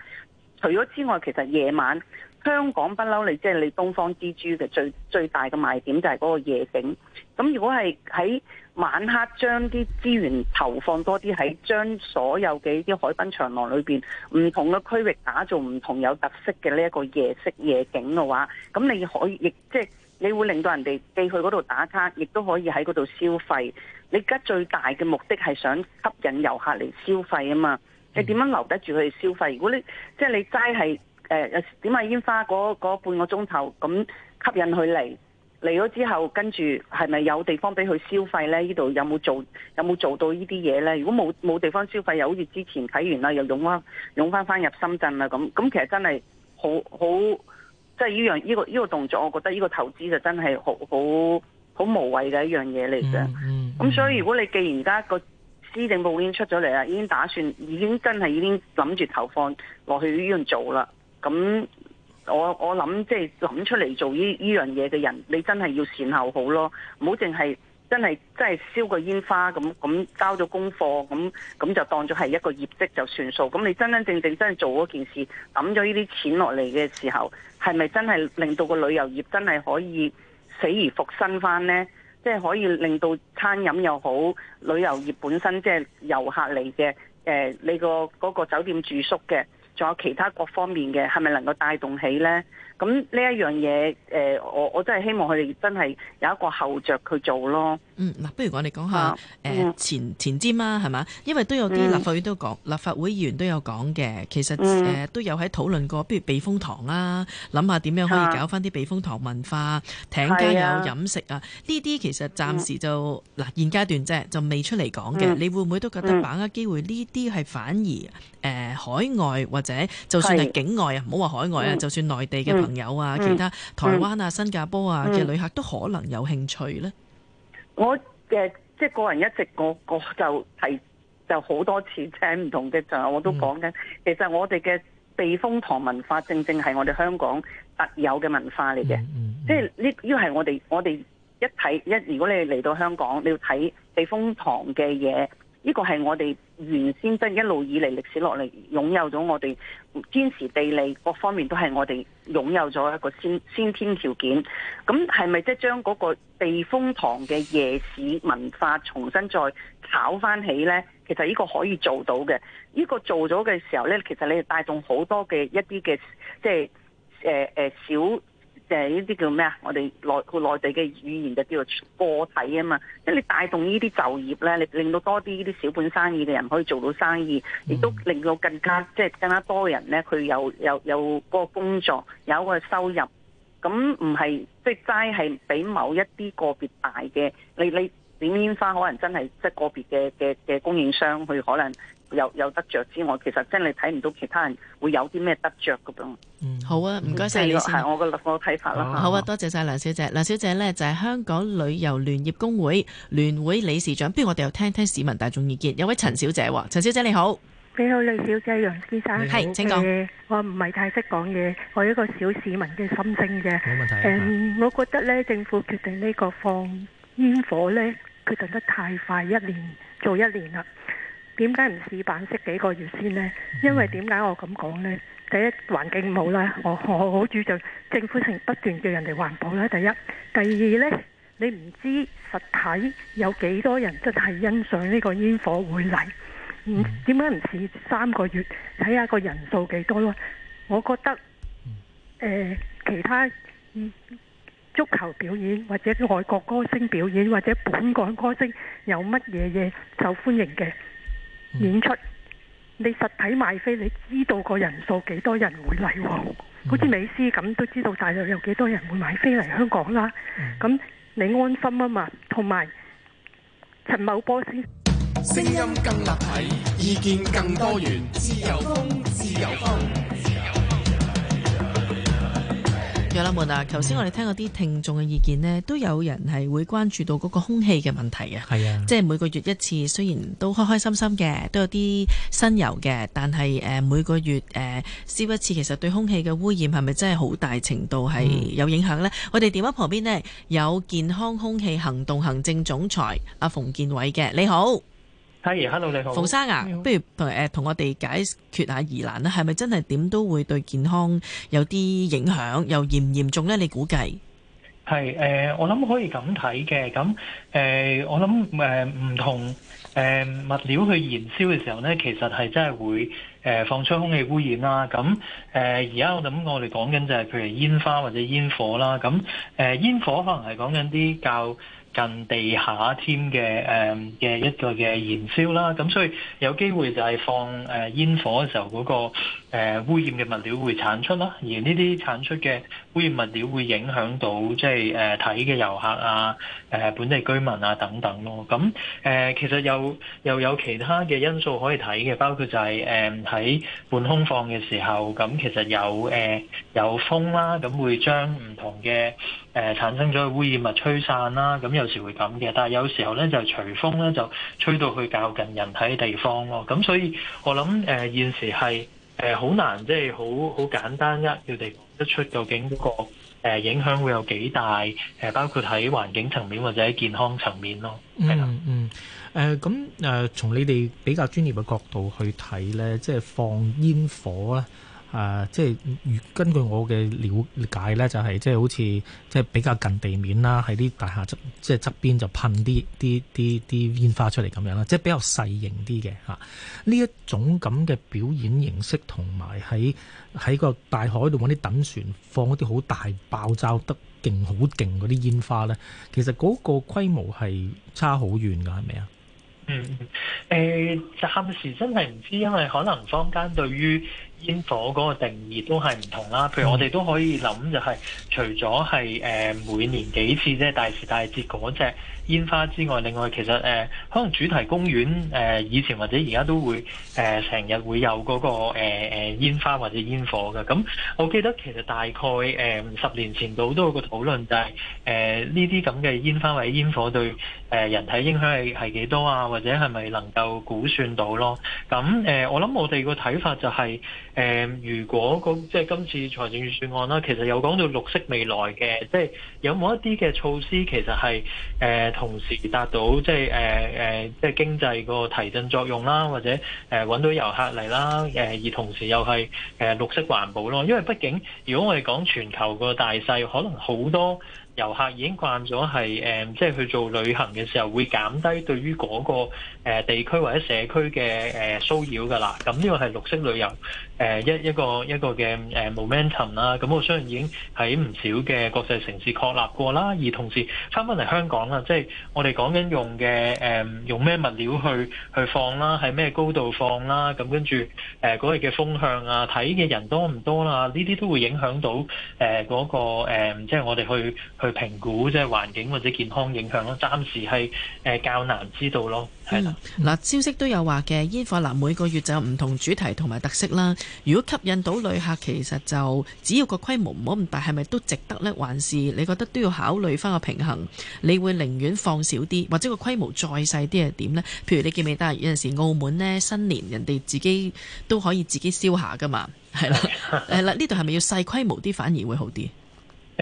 除咗之外，其實夜晚。香港不嬲，你即係你東方之珠嘅最最大嘅賣點就係嗰個夜景。咁如果係喺晚黑將啲資源投放多啲喺，將所有嘅啲海濱長廊裏邊唔同嘅區域打造唔同有特色嘅呢一個夜色夜景嘅話，咁你可以亦即係你會令到人哋寄去嗰度打卡，亦都可以喺嗰度消費。你而家最大嘅目的係想吸引遊客嚟消費啊嘛？你點樣留得住佢哋消費？如果你即係、就是、你齋係。誒點埋煙花嗰半個鐘頭，咁吸引佢嚟嚟咗之後，跟住係咪有地方俾佢消費咧？呢度有冇做有冇做到呢啲嘢咧？如果冇冇地方消費，又好似之前睇完啦，又湧翻湧翻翻入深圳啦咁，咁其實真係好好即係呢樣呢個呢個動作，我覺得呢個投資就真係好好好無謂嘅一樣嘢嚟嘅。咁、嗯嗯、所以如果你既然而家個施政報告已經出咗嚟啦，已經打算已經真係已經諗住投放落去呢樣做啦。咁我我諗即係諗出嚟做呢呢樣嘢嘅人，你真係要善後好咯，唔好淨係真係真係燒個煙花咁咁交咗功課咁咁就當咗係一個業績就算數。咁你真真正正真係做嗰件事抌咗呢啲錢落嚟嘅時候，係咪真係令到個旅遊業真係可以死而復生翻咧？即係可以令到餐飲又好，旅遊業本身即係遊客嚟嘅，誒你個嗰個酒店住宿嘅。仲有其他各方面嘅，係咪能夠帶動起呢？咁呢一樣嘢，我我真係希望佢哋真係有一個後着去做咯。嗯，嗱、啊，不如我哋講下、啊嗯、前前瞻啦、啊，係咪？因為都有啲立法院都講、嗯，立法會議員都有講嘅。其實、嗯呃、都有喺討論過，比如避風塘啊，諗下點樣可以搞翻啲避風塘文化艇、啊、家有飲食啊。呢啲、啊、其實暫時就嗱、嗯、現階段啫，就未出嚟講嘅。你會唔會都覺得把握機會呢啲係反而、嗯呃、海外或者就算係境外啊，唔好話海外啊、嗯，就算內地嘅朋友、嗯？有啊，其他台灣啊、新加坡啊嘅旅客、啊嗯嗯嗯、都可能有興趣咧。我嘅、呃、即係個人一直個個就提，就好多次請唔同嘅，就我都講緊、嗯。其實我哋嘅避風塘文化，正正係我哋香港特有嘅文化嚟嘅、嗯嗯嗯。即係呢，要個係我哋我哋一睇一，如果你嚟到香港，你要睇避風塘嘅嘢。呢、個係我哋原先真一路以嚟歷史落嚟擁有咗我哋天時地利各方面，都係我哋擁有咗一個先先天條件。咁係咪即係將嗰個避風塘嘅夜市文化重新再炒翻起呢？其實呢個可以做到嘅。呢、個做咗嘅時候呢，其實你係帶動好多嘅一啲嘅即係誒誒小。就係呢啲叫咩啊？我哋內內地嘅語言就叫做個體啊嘛，即係你帶動呢啲就業咧，你令到多啲呢啲小本生意嘅人可以做到生意，亦都令到更加即係、就是、更加多人咧，佢有有有嗰個工作，有一個收入，咁唔係即係齋係俾某一啲個別大嘅，你你點煙花可能真係即係個別嘅嘅嘅供應商去可能。有有得着之外，其實真係睇唔到其他人會有啲咩得着。咁樣噃。嗯，好啊，唔該晒。你先。這個、是我個我睇法啦、哦。好啊，多謝晒梁小姐。梁小姐呢，就係、是、香港旅遊聯業工會聯會理事長。不如我哋又聽聽市民大眾意見。有位陳小姐，陳小姐你好。你好，李小姐，楊先生，係請講。我唔係太識講嘢，我有一個小市民嘅心聲嘅。冇問題、啊嗯、我覺得呢，政府決定呢個放煙火呢，決定得太快，一年做一年啦。點解唔試辦試幾個月先咧？因為點解我咁講咧？第一環境唔好啦，我我好注重政府成不斷叫人哋環保啦。第一，第二咧，你唔知實體有幾多人真係欣賞呢個煙火會嚟。嗯，點解唔試三個月睇下個人數幾多咯？我覺得，誒，其他足球表演或者外國歌星表演或者本港歌星有乜嘢嘢受歡迎嘅？嗯、演出你實體買飛，你知道個人數幾多人會嚟、嗯、好似美斯咁都知道大陸有幾多人會買飛嚟香港啦咁、嗯、你安心啊嘛，同埋陳茂波。先聲音更立體，意見更多元，自由風自由風嘅啦，冇啦。頭先我哋聽嗰啲聽眾嘅意見呢，都有人係會關注到嗰個空氣嘅問題嘅。係啊，即係每個月一次，雖然都開開心心嘅，都有啲新游嘅，但係、呃、每個月誒燒、呃、一次，其實對空氣嘅污染係咪真係好大程度係有影響呢？嗯、我哋電話旁邊呢，有健康空氣行動行政總裁阿馮建瑋嘅，你好。泰然，hello 你好，馮生啊，不如同誒同我哋解決下疑難啦，係咪真係點都會對健康有啲影響，又嚴唔嚴重咧？你估計係誒，我諗可以咁睇嘅，咁誒我諗誒唔同誒物料去燃燒嘅時候咧，其實係真係會誒放出空氣污染啦。咁誒而家我諗我哋講緊就係譬如煙花或者煙火啦。咁誒煙火可能係講緊啲較近地下添嘅誒嘅一個嘅燃燒啦，咁所以有機會就係放誒煙火嘅時候嗰、那個。誒污染嘅物料會產出啦，而呢啲產出嘅污染物料會影響到即係誒睇嘅遊客啊、誒、呃、本地居民啊等等咯。咁、呃、誒其實又又有其他嘅因素可以睇嘅，包括就係誒喺半空放嘅時候，咁、呃、其實有誒、呃、有風啦，咁會將唔同嘅誒、呃、產生咗嘅污染物吹散啦。咁、呃、有時會咁嘅，但係有時候咧就隨風咧就吹到去較近人體嘅地方咯。咁、呃、所以我諗誒、呃、現時係。誒，好難即係好好簡單一佢哋講得出究竟嗰個誒影響會有幾大？誒，包括喺環境層面或者喺健康層面咯。係啦。嗯嗯，誒、呃，咁誒，從你哋比較專業嘅角度去睇咧，即係放煙火咧。誒、啊，即係根據我嘅了解呢就係、係、即係好似即係比較近地面啦，喺啲大廈側即係側邊就噴啲啲啲啲煙花出嚟咁樣啦，即係比較細型啲嘅。呢一種咁嘅表演形式，同埋喺喺個大海度揾啲等船放一啲好大爆炸得勁好勁嗰啲煙花呢，其實嗰個規模係差好遠㗎，係咪啊？嗯誒、呃，暫時真係唔知，因為可能坊間對於煙火嗰個定義都係唔同啦，譬如我哋都可以諗就係，除咗係誒每年幾次即係大時大節嗰隻煙花之外，另外其實誒可能主題公園誒以前或者而家都會誒成日會有嗰個誒煙花或者煙火嘅。咁我記得其實大概誒十年前度都有個討論，就係誒呢啲咁嘅煙花或者煙火對誒人體影響係係幾多啊，或者係咪能夠估算到咯？咁誒我諗我哋個睇法就係。誒，如果即係今次財政預算案啦，其實有講到綠色未來嘅，即係有冇一啲嘅措施，其實係誒、呃、同時達到即係誒誒，即係、呃、經濟個提振作用啦，或者誒搵到遊客嚟啦，誒而同時又係誒綠色環保咯。因為畢竟，如果我哋講全球個大勢，可能好多遊客已經慣咗係誒，即係去做旅行嘅時候會減低對於嗰、那個。誒地區或者社區嘅誒騷擾噶啦，咁呢個係綠色旅遊誒一一個一個嘅 momentum 啦。咁我相信已經喺唔少嘅國際城市確立過啦。而同時翻返嚟香港啦，即係我哋講緊用嘅用咩物料去去放啦，喺咩高度放啦，咁跟住誒嗰日嘅風向啊，睇嘅人多唔多啦，呢啲都會影響到誒嗰個即係我哋去去評估即係環境或者健康影響咯。暫時係誒較難知道咯。嗱、 嗯，消息都有話嘅煙火，嗱，每個月就有唔同主題同埋特色啦。如果吸引到旅客，其實就只要個規模唔好咁大，係咪都值得呢？還是你覺得都要考慮翻個平衡？你會寧願放少啲，或者個規模再細啲係點呢？譬如你記唔記得有陣時澳門呢，新年，人哋自己都可以自己燒下噶嘛，係啦，係 啦，呢度係咪要細規模啲反而會好啲？誒、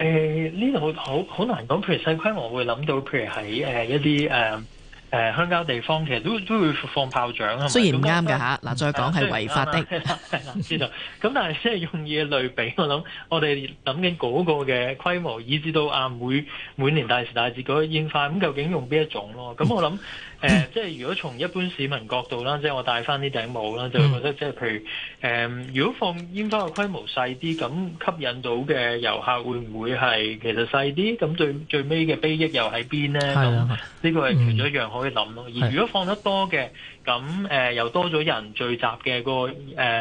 欸，呢度好好難講。譬如細規模我會，會諗到譬如喺誒一啲誒。呃誒，鄉郊地方其實都都會放炮仗啊，雖然唔啱㗎吓，嗱、啊啊、再講係違法嘅，係啦、係啦，知、啊、道，咁 但係即係用嘢類比，我諗我哋諗緊嗰個嘅規模，以至到啊每每年大時大節嗰啲煙花，咁究竟用邊一種咯。咁我諗。嗯誒、嗯呃，即係如果從一般市民角度啦，即係我戴翻啲頂帽啦，就會覺得即係譬如誒、呃，如果放煙花嘅規模細啲，咁吸引到嘅遊客會唔會係其實細啲？咁最最尾嘅裨益又喺邊咧？咁呢個係其中一樣可以諗咯、嗯。而如果放得多嘅，咁誒、呃、又多咗人聚集嘅、嗰個誒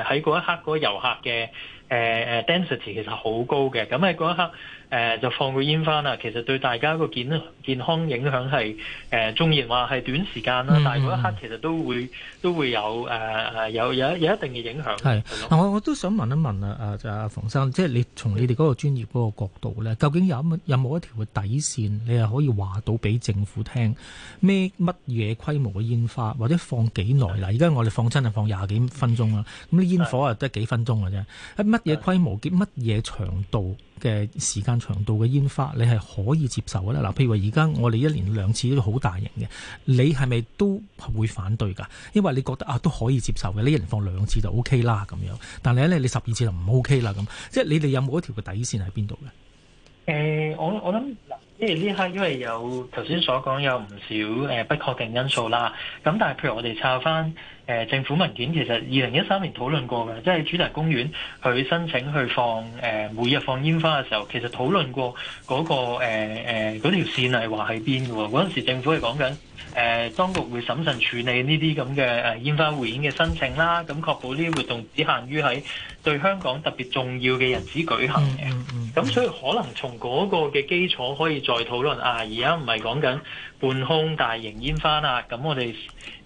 喺嗰一刻嗰個遊客嘅、呃、density 其實好高嘅。咁喺嗰一刻。誒、呃，就放個煙花啦，其實對大家個健健康影響係誒，縱然話係短時間啦、嗯，但係嗰一刻其實都會都會有誒誒、呃、有有有一定嘅影響。係我我都想問一問啊啊，就阿馮生，即係你從你哋嗰個專業嗰個角度咧，究竟有冇有冇一條嘅底線，你係可以話到俾政府聽咩，乜嘢規模嘅煙花，或者放幾耐？啦而家我哋放真係放廿幾分鐘啦，咁啲煙火啊得幾分鐘嘅啫，乜嘢規模，結乜嘢長度？嘅時間長度嘅煙花，你係可以接受嘅啦。嗱，譬如話而家我哋一年兩次都好大型嘅，你係咪都會反對噶？因為你覺得啊都可以接受嘅，你一年放兩次就 O K 啦咁樣。但係咧，你十二次就唔 O K 啦咁。即係你哋有冇一條嘅底線喺邊度嘅？誒、呃，我我諗，因為呢刻因為有頭先所講有唔少誒、呃、不確定因素啦。咁但係譬如我哋抄翻。誒、呃、政府文件其實二零一三年討論過嘅，即係主題公園佢申請去放誒、呃、每日放煙花嘅時候，其實討論過嗰、那個誒誒嗰條線係話喺邊嘅喎。嗰陣時政府係講緊誒當局會審慎處理呢啲咁嘅誒煙花匯演嘅申請啦，咁確保呢啲活動只限於喺對香港特別重要嘅日子舉行嘅。咁、mm -hmm. 所以可能從嗰個嘅基礎可以再討論啊。而家唔係講緊。半空大型煙花啦，咁我哋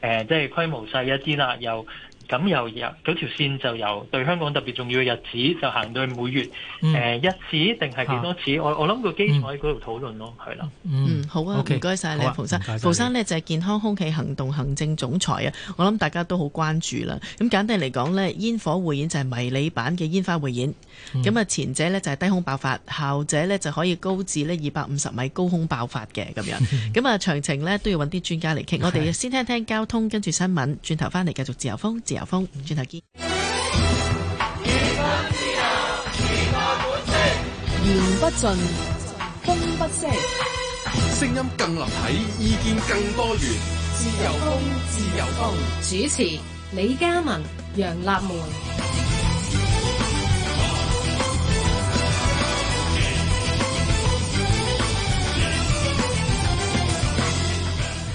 誒即係規模細一啲啦，又。咁又有嗰條線就由對香港特別重要嘅日子就行到去每月誒、嗯呃、一次定係幾多次？啊、我我諗個基礎喺嗰度討論咯，係、嗯、啦。嗯，好啊，唔該晒你，馮生。馮生呢就係、是、健康空氣行動行政總裁啊，我諗大家都好關注啦。咁簡單嚟講呢，煙火匯演就係迷你版嘅煙花匯演。咁、嗯、啊，前者呢就係、是、低空爆發，後者呢就可以高至呢二百五十米高空爆發嘅咁樣。咁 啊，詳情呢都要揾啲專家嚟傾。我哋先聽聽交通，跟住新聞，轉頭翻嚟繼續自由風。自由風，轉頭見。言不盡，風不息，聲音更立體，意見更多元。自由風，自由風，主持李嘉文、楊立門。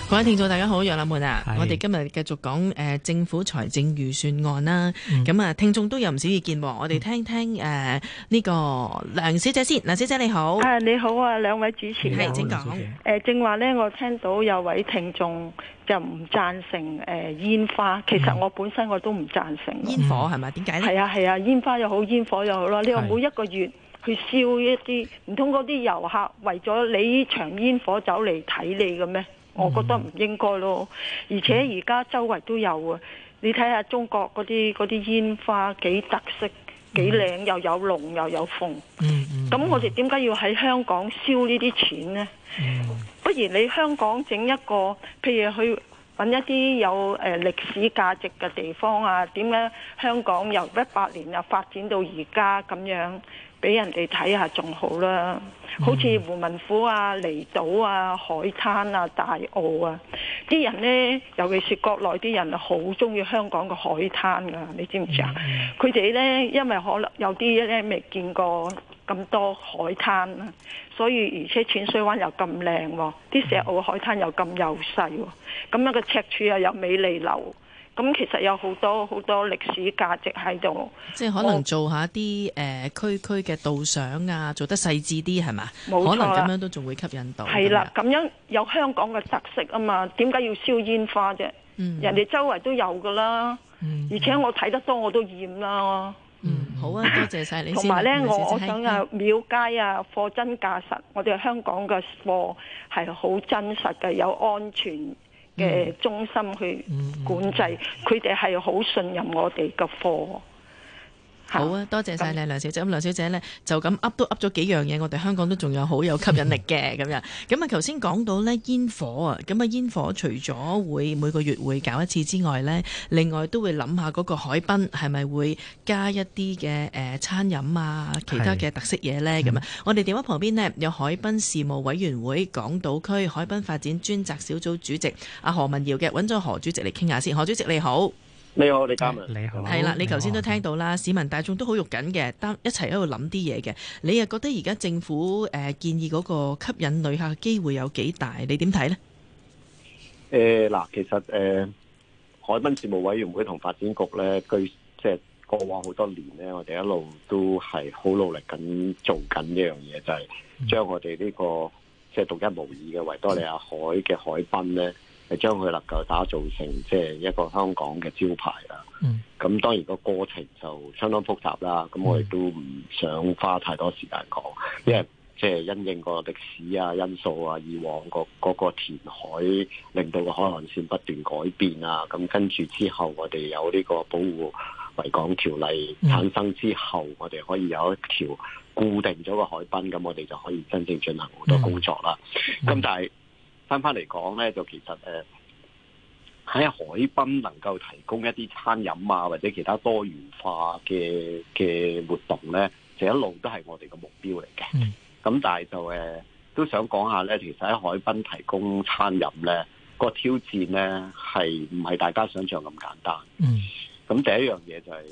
各位聽眾，大家好，楊立門啊，我哋今日繼續講誒、呃、政府財政預算案啦。咁、嗯、啊，聽眾都有唔少意見，我哋聽聽誒呢、呃這個梁小姐先。梁小姐你好，啊你好啊，兩位主持係，請講。誒、呃，正話咧，我聽到有位聽眾就唔贊成誒煙、呃、花，其實我本身我都唔贊成煙火係咪？點解咧？係啊係啊，煙、啊、花又好，煙火又好咯。你每一個月去燒一啲，唔通嗰啲遊客為咗你這場煙火走嚟睇你嘅咩？我覺得唔應該咯，而且而家周圍都有啊！你睇下中國嗰啲嗰啲煙花幾特色、幾靚，又有龍又有鳳。嗯咁、嗯、我哋點解要喺香港燒呢啲錢呢、嗯？不如你香港整一個，譬如去揾一啲有誒歷史價值嘅地方啊。點解香港由一百年又發展到而家咁樣？俾人哋睇下仲好啦，好似胡文虎啊、離島啊、海灘啊、大澳啊，啲人呢，尤其是國內啲人好中意香港嘅海灘噶、啊，你知唔知啊？佢、嗯、哋呢，因為可能有啲咧未見過咁多海灘啊，所以而且淺水灣又咁靚喎，啲石澳海灘又咁幼細喎，咁樣嘅赤柱又有美利樓。咁其實有好多好多歷史價值喺度，即係可能做下啲誒區區嘅導賞啊，做得細緻啲係嘛？冇錯啦，咁樣都仲會吸引到。係啦，咁樣有香港嘅特色啊嘛，點解要燒煙花啫、嗯？人哋周圍都有噶啦嗯嗯，而且我睇得多我都厭啦。嗯，好啊，多謝晒你先同埋咧，我、嗯、我想啊，廟、嗯、街啊，貨真價實，我哋香港嘅貨係好真實嘅，有安全。嘅、mm. mm -hmm. 中心去管制，佢哋係好信任我哋嘅貨。好啊，多謝晒你梁小姐。咁梁小姐呢，就咁噏都噏咗幾樣嘢，我哋香港都仲有好有吸引力嘅咁 樣。咁啊頭先講到呢煙火啊，咁啊煙火除咗會每個月會搞一次之外呢，另外都會諗下嗰個海濱係咪會加一啲嘅誒餐飲啊，其他嘅特色嘢呢。咁啊。我哋電話旁邊呢，有海濱事務委員會港島區海濱發展專責小組主席阿何文耀何文堯嘅，揾咗何主席嚟傾下先。何主席你好。你好，李嘉文。你好，係啦，你頭先都聽到啦，市民大眾都好肉緊嘅，擔一齊喺度諗啲嘢嘅。你又覺得而家政府誒建議嗰個吸引旅客嘅機會有幾大？你點睇呢？誒，嗱，其實誒、呃，海濱事務委員會同發展局咧，佢即係過往好多年咧，我哋一路都係好努力緊做緊呢樣嘢，就係、是、將我哋呢、這個即係獨一無二嘅維多利亞海嘅海濱咧。係將佢能夠打造成即係一個香港嘅招牌啦。咁、嗯、當然個過程就相當複雜啦。咁、嗯、我哋都唔想花太多時間講，因為即係因應個歷史啊、因素啊、以往個嗰個填海，令到個海岸線不斷改變啊。咁跟住之後，我哋有呢個保護維港條例產生之後，嗯、我哋可以有一條固定咗個海濱，咁我哋就可以真正進行好多工作啦。咁、嗯、但係返返嚟講咧，就其實誒喺海濱能夠提供一啲餐飲啊，或者其他多元化嘅嘅活動咧，就一路都係我哋嘅目標嚟嘅。咁、嗯、但係就誒都想講下咧，其實喺海濱提供餐飲咧、個挑戰咧係唔係大家想象咁簡單？嗯。咁第一樣嘢就係、係、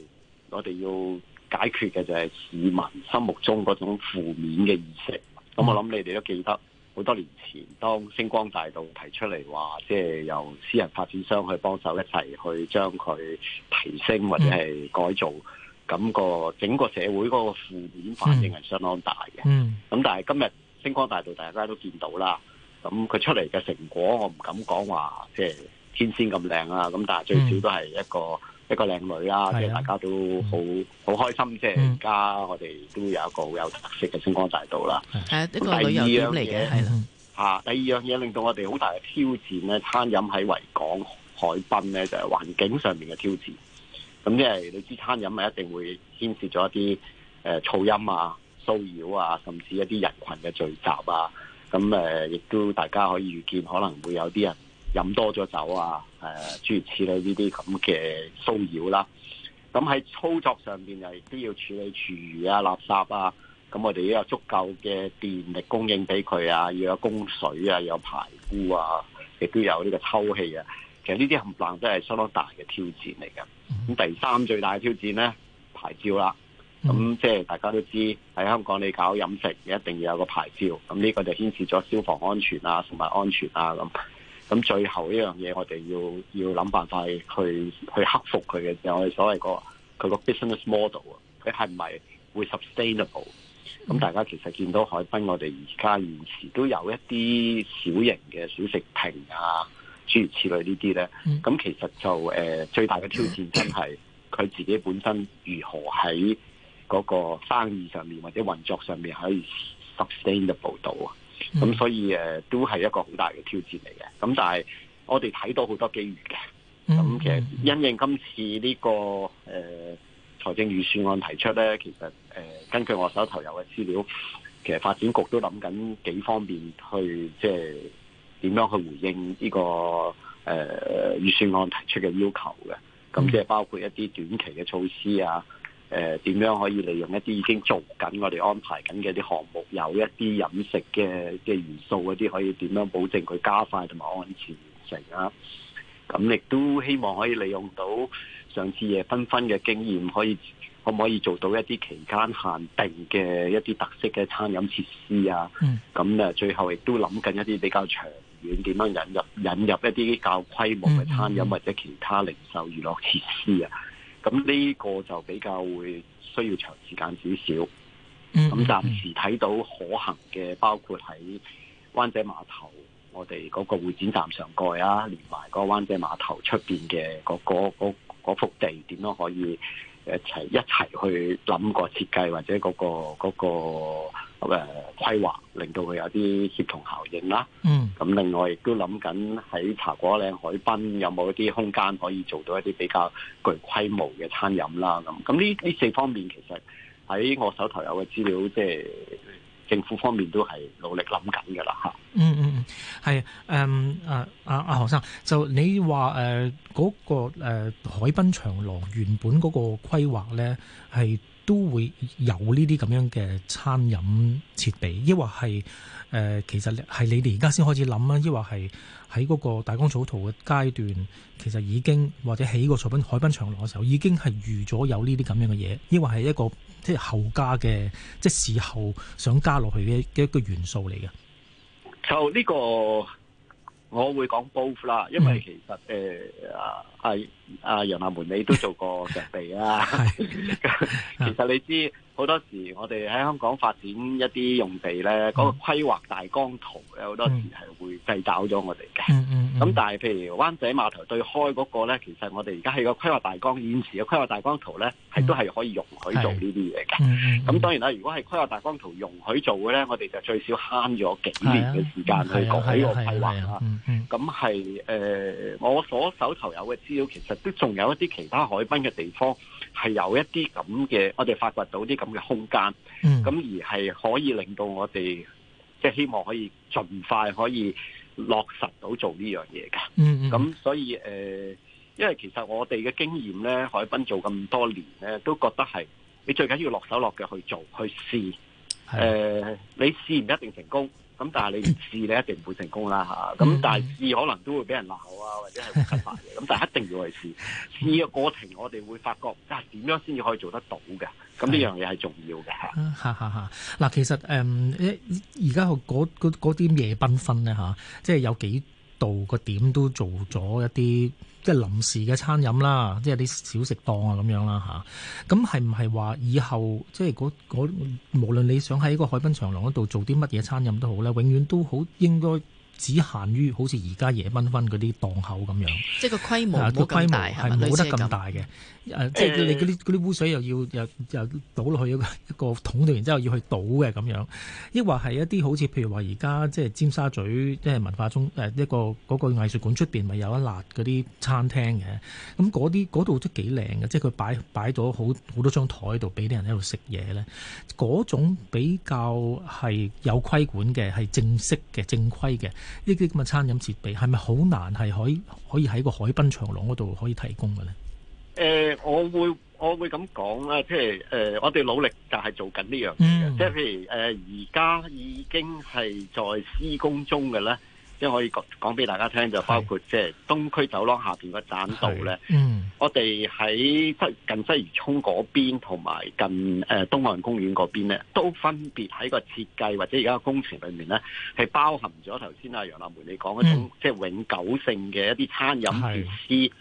我哋要解決嘅就係市民心目中嗰種負面嘅意識。咁我諗你哋都記得。好多年前，當星光大道提出嚟，話，即係由私人發展商去幫手一齊去將佢提升或者係改造，咁個整個社會嗰個負面反應係相當大嘅。嗯，咁、嗯、但係今日星光大道大家都見到啦，咁佢出嚟嘅成果，我唔敢講話，即係天仙咁靚啊！咁但係最少都係一個。一個靚女啊，即係大家都好好、嗯、開心，即係而家我哋都有一個好有特色嘅星光大道啦，係、嗯、一、啊這個旅遊點嚟嘅。吓、啊，第二樣嘢令到我哋好大嘅挑戰咧，餐飲喺維港海濱咧就係、是、環境上面嘅挑戰。咁即係，你知餐飲咪一定會牽涉咗一啲誒、呃、噪音啊、騷擾啊，甚至一啲人群嘅聚集啊。咁誒，亦、呃、都大家可以預見，可能會有啲人。飲多咗酒啊！誒、啊，諸如此類呢啲咁嘅騷擾啦。咁喺操作上面，又係要處理廚餘啊、垃圾啊。咁我哋要有足夠嘅電力供應俾佢啊，要有供水啊，要有排污啊，亦都有呢個抽氣啊。其實呢啲冚唪唥都係相當大嘅挑戰嚟嘅。咁第三最大嘅挑戰呢，牌照啦。咁即係大家都知喺香港你搞飲食，一定要有個牌照。咁呢個就牽涉咗消防安全啊，食物安全啊咁。咁最後呢樣嘢，我哋要要諗辦法去去克服佢嘅，就係所謂個佢個 business model 啊，佢係唔係會 sustainable？咁大家其實見到海濱，我哋而家現時都有一啲小型嘅小食亭啊、諸如此類這些呢啲咧，咁其實就、呃、最大嘅挑戰真係佢自己本身如何喺嗰個生意上面或者運作上面可以 sustainable 到啊。咁、嗯、所以誒、啊、都係一個好大嘅挑戰嚟嘅，咁但係我哋睇到好多機遇嘅，咁其實因應今次呢、呢個誒財、呃、政預算案提出咧，其實誒、呃、根據我手頭有嘅資料，其實發展局都諗緊幾方面去即係點樣去回應呢、呢個誒預、呃、算案提出嘅要求嘅，咁即係包括一啲短期嘅措施啊。誒、呃，點樣可以利用一啲已經做緊、我哋安排緊嘅啲項目，有一啲飲食嘅嘅元素嗰啲，可以點樣保證佢加快同埋安全完成啊？咁亦都希望可以利用到上次夜繽紛嘅經驗，可以可唔可以做到一啲期間限定嘅一啲特色嘅餐飲設施啊？咁誒，最後亦都諗緊一啲比較長遠，點樣引入引入一啲較規模嘅餐飲或者其他零售娛樂設施啊？咁呢個就比較會需要長時間少少，咁暫時睇到可行嘅，包括喺灣仔碼頭，我哋嗰個會展站上蓋啊，連埋個灣仔碼頭出面嘅嗰、嗰幅地，點都可以誒一齊去諗個設計，或者嗰個嗰個。嗰個咁、呃、誒規劃，令到佢有啲協同效應啦。嗯，咁另外亦都諗緊喺茶果嶺海濱有冇一啲空間可以做到一啲比較具規模嘅餐飲啦。咁咁呢呢四方面其實喺我手頭有嘅資料，即、就、係、是、政府方面都係努力諗緊㗎喇。嚇，嗯嗯嗯，係誒誒誒阿何生，就你話誒嗰個、呃、海濱長廊原本嗰個規劃咧係，都會有呢啲咁樣嘅餐飲設備，抑或係誒，其實係你哋而家先開始諗啊，抑或係喺嗰個大光草圖嘅階段，其實已經或者起個產品海濱長廊嘅時候，已經係預咗有呢啲咁樣嘅嘢，抑或係一個即係後加嘅即係事後想加落去嘅嘅一個元素嚟嘅。就呢、呢個，我會講 both 啦，因為其實誒啊。嗯係啊，啊，楊亞梅，你都做過腳地啊。 其實你知好 多時，我哋喺香港發展一啲用地呢，嗰、嗯那個規劃大綱圖咧，好多時係會掣肘咗我哋嘅。咁、嗯嗯嗯、但係，譬如灣仔碼頭對開嗰個咧，其實我哋而家喺個規劃大綱現時嘅規劃大綱圖呢，係、嗯、都係可以容許做呢啲嘢嘅。咁、嗯嗯、當然啦，如果係規劃大綱圖容許做嘅呢，我哋就最少慳咗幾年嘅時間去改呢個規劃啦。咁係誒，我所手頭有嘅資料其實都仲有一啲其他海濱嘅地方係有一啲咁嘅，我哋發掘到啲咁嘅空間，咁、嗯、而係可以令到我哋即係希望可以盡快可以落實到做呢樣嘢嘅。咁、嗯嗯、所以誒、呃，因為其實我哋嘅經驗呢，海濱做咁多年呢，都覺得係你最緊要落手落腳去做去試。誒、呃，你試唔一定成功。咁但係你唔試，你一定唔會成功啦嚇。咁但係試可能都會俾人鬧啊，或者係會失敗嘅。咁但係一定要去試。試嘅過程，我哋會發覺啊，點樣先至可以做得到嘅？咁呢樣嘢係重要嘅。嚇嚇嚇！嗱，其實誒，而家嗰嗰嗰啲夜繽紛咧嚇，即係有幾度個點都做咗一啲。即係臨時嘅餐飲啦，即係啲小食檔啊咁樣啦吓，咁係唔係話以後即係嗰嗰無論你想喺個海濱長廊嗰度做啲乜嘢餐飲都好咧，永遠都好應該只限於好似而家夜繽紛嗰啲檔口咁樣，即係個規模冇咁大，係冇得咁大嘅。即係你嗰啲啲污水又要、嗯、又又倒落去一個一桶度，然之後要去倒嘅咁樣。抑或係一啲好似譬如話而家即係尖沙咀即係文化中一個嗰個藝術館出邊咪有一辣嗰啲餐廳嘅？咁嗰啲嗰度都幾靚嘅，即係佢擺擺咗好好多張台喺度，俾啲人喺度食嘢咧。嗰種比較係有規管嘅，係正式嘅、正規嘅。呢啲咁嘅餐飲設備係咪好難，係可可以喺個海濱長廊嗰度可以提供嘅咧？誒、呃，我會我會咁講啦，即係誒，我哋努力就係做緊呢樣嘢，即係譬如誒，而、呃、家已經係在施工中嘅咧。可以講講俾大家聽，就包括即係東區走廊下邊個棧道咧。嗯，我哋喺西近鰂魚涌嗰邊，同埋近誒、呃、東岸公園嗰邊咧，都分別喺個設計或者而家工程裏面咧，係包含咗頭先阿楊立梅你講嗰種即係永久性嘅一啲餐飲設施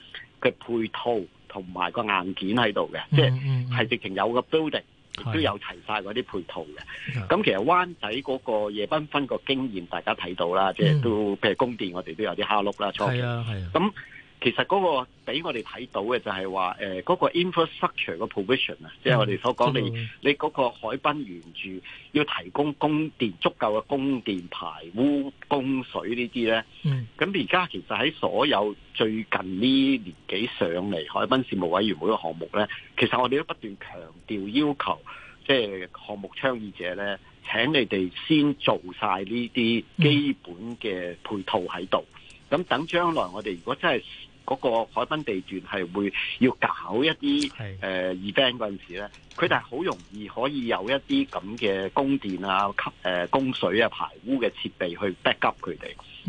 嘅配套同埋個硬件喺度嘅，即係係直情有個 building。亦都有齊晒嗰啲配套嘅，咁其實灣仔嗰個夜繽紛個經驗，大家睇到啦，嗯、即係都譬如宮殿，我哋都有啲蝦碌啦，初期啊，係啊。其實嗰個俾我哋睇到嘅就係話，誒、呃、嗰、那個 infrastructure 個 provision 啊、嗯，即、就、係、是、我哋所講、嗯、你你嗰個海濱沿住要提供供電足夠嘅供電、排污、供水呢啲咧。咁而家其實喺所有最近呢年幾上嚟海濱事務委員會嘅項目咧，其實我哋都不斷強調要求，即係項目倡議者咧請你哋先做晒呢啲基本嘅配套喺度。嗯嗯咁等將來我哋如果真係嗰個海濱地段係會要搞一啲誒、呃、event 嗰陣時咧，佢哋係好容易可以有一啲咁嘅供電啊、供、呃、供水啊、排污嘅設備去 back up 佢哋。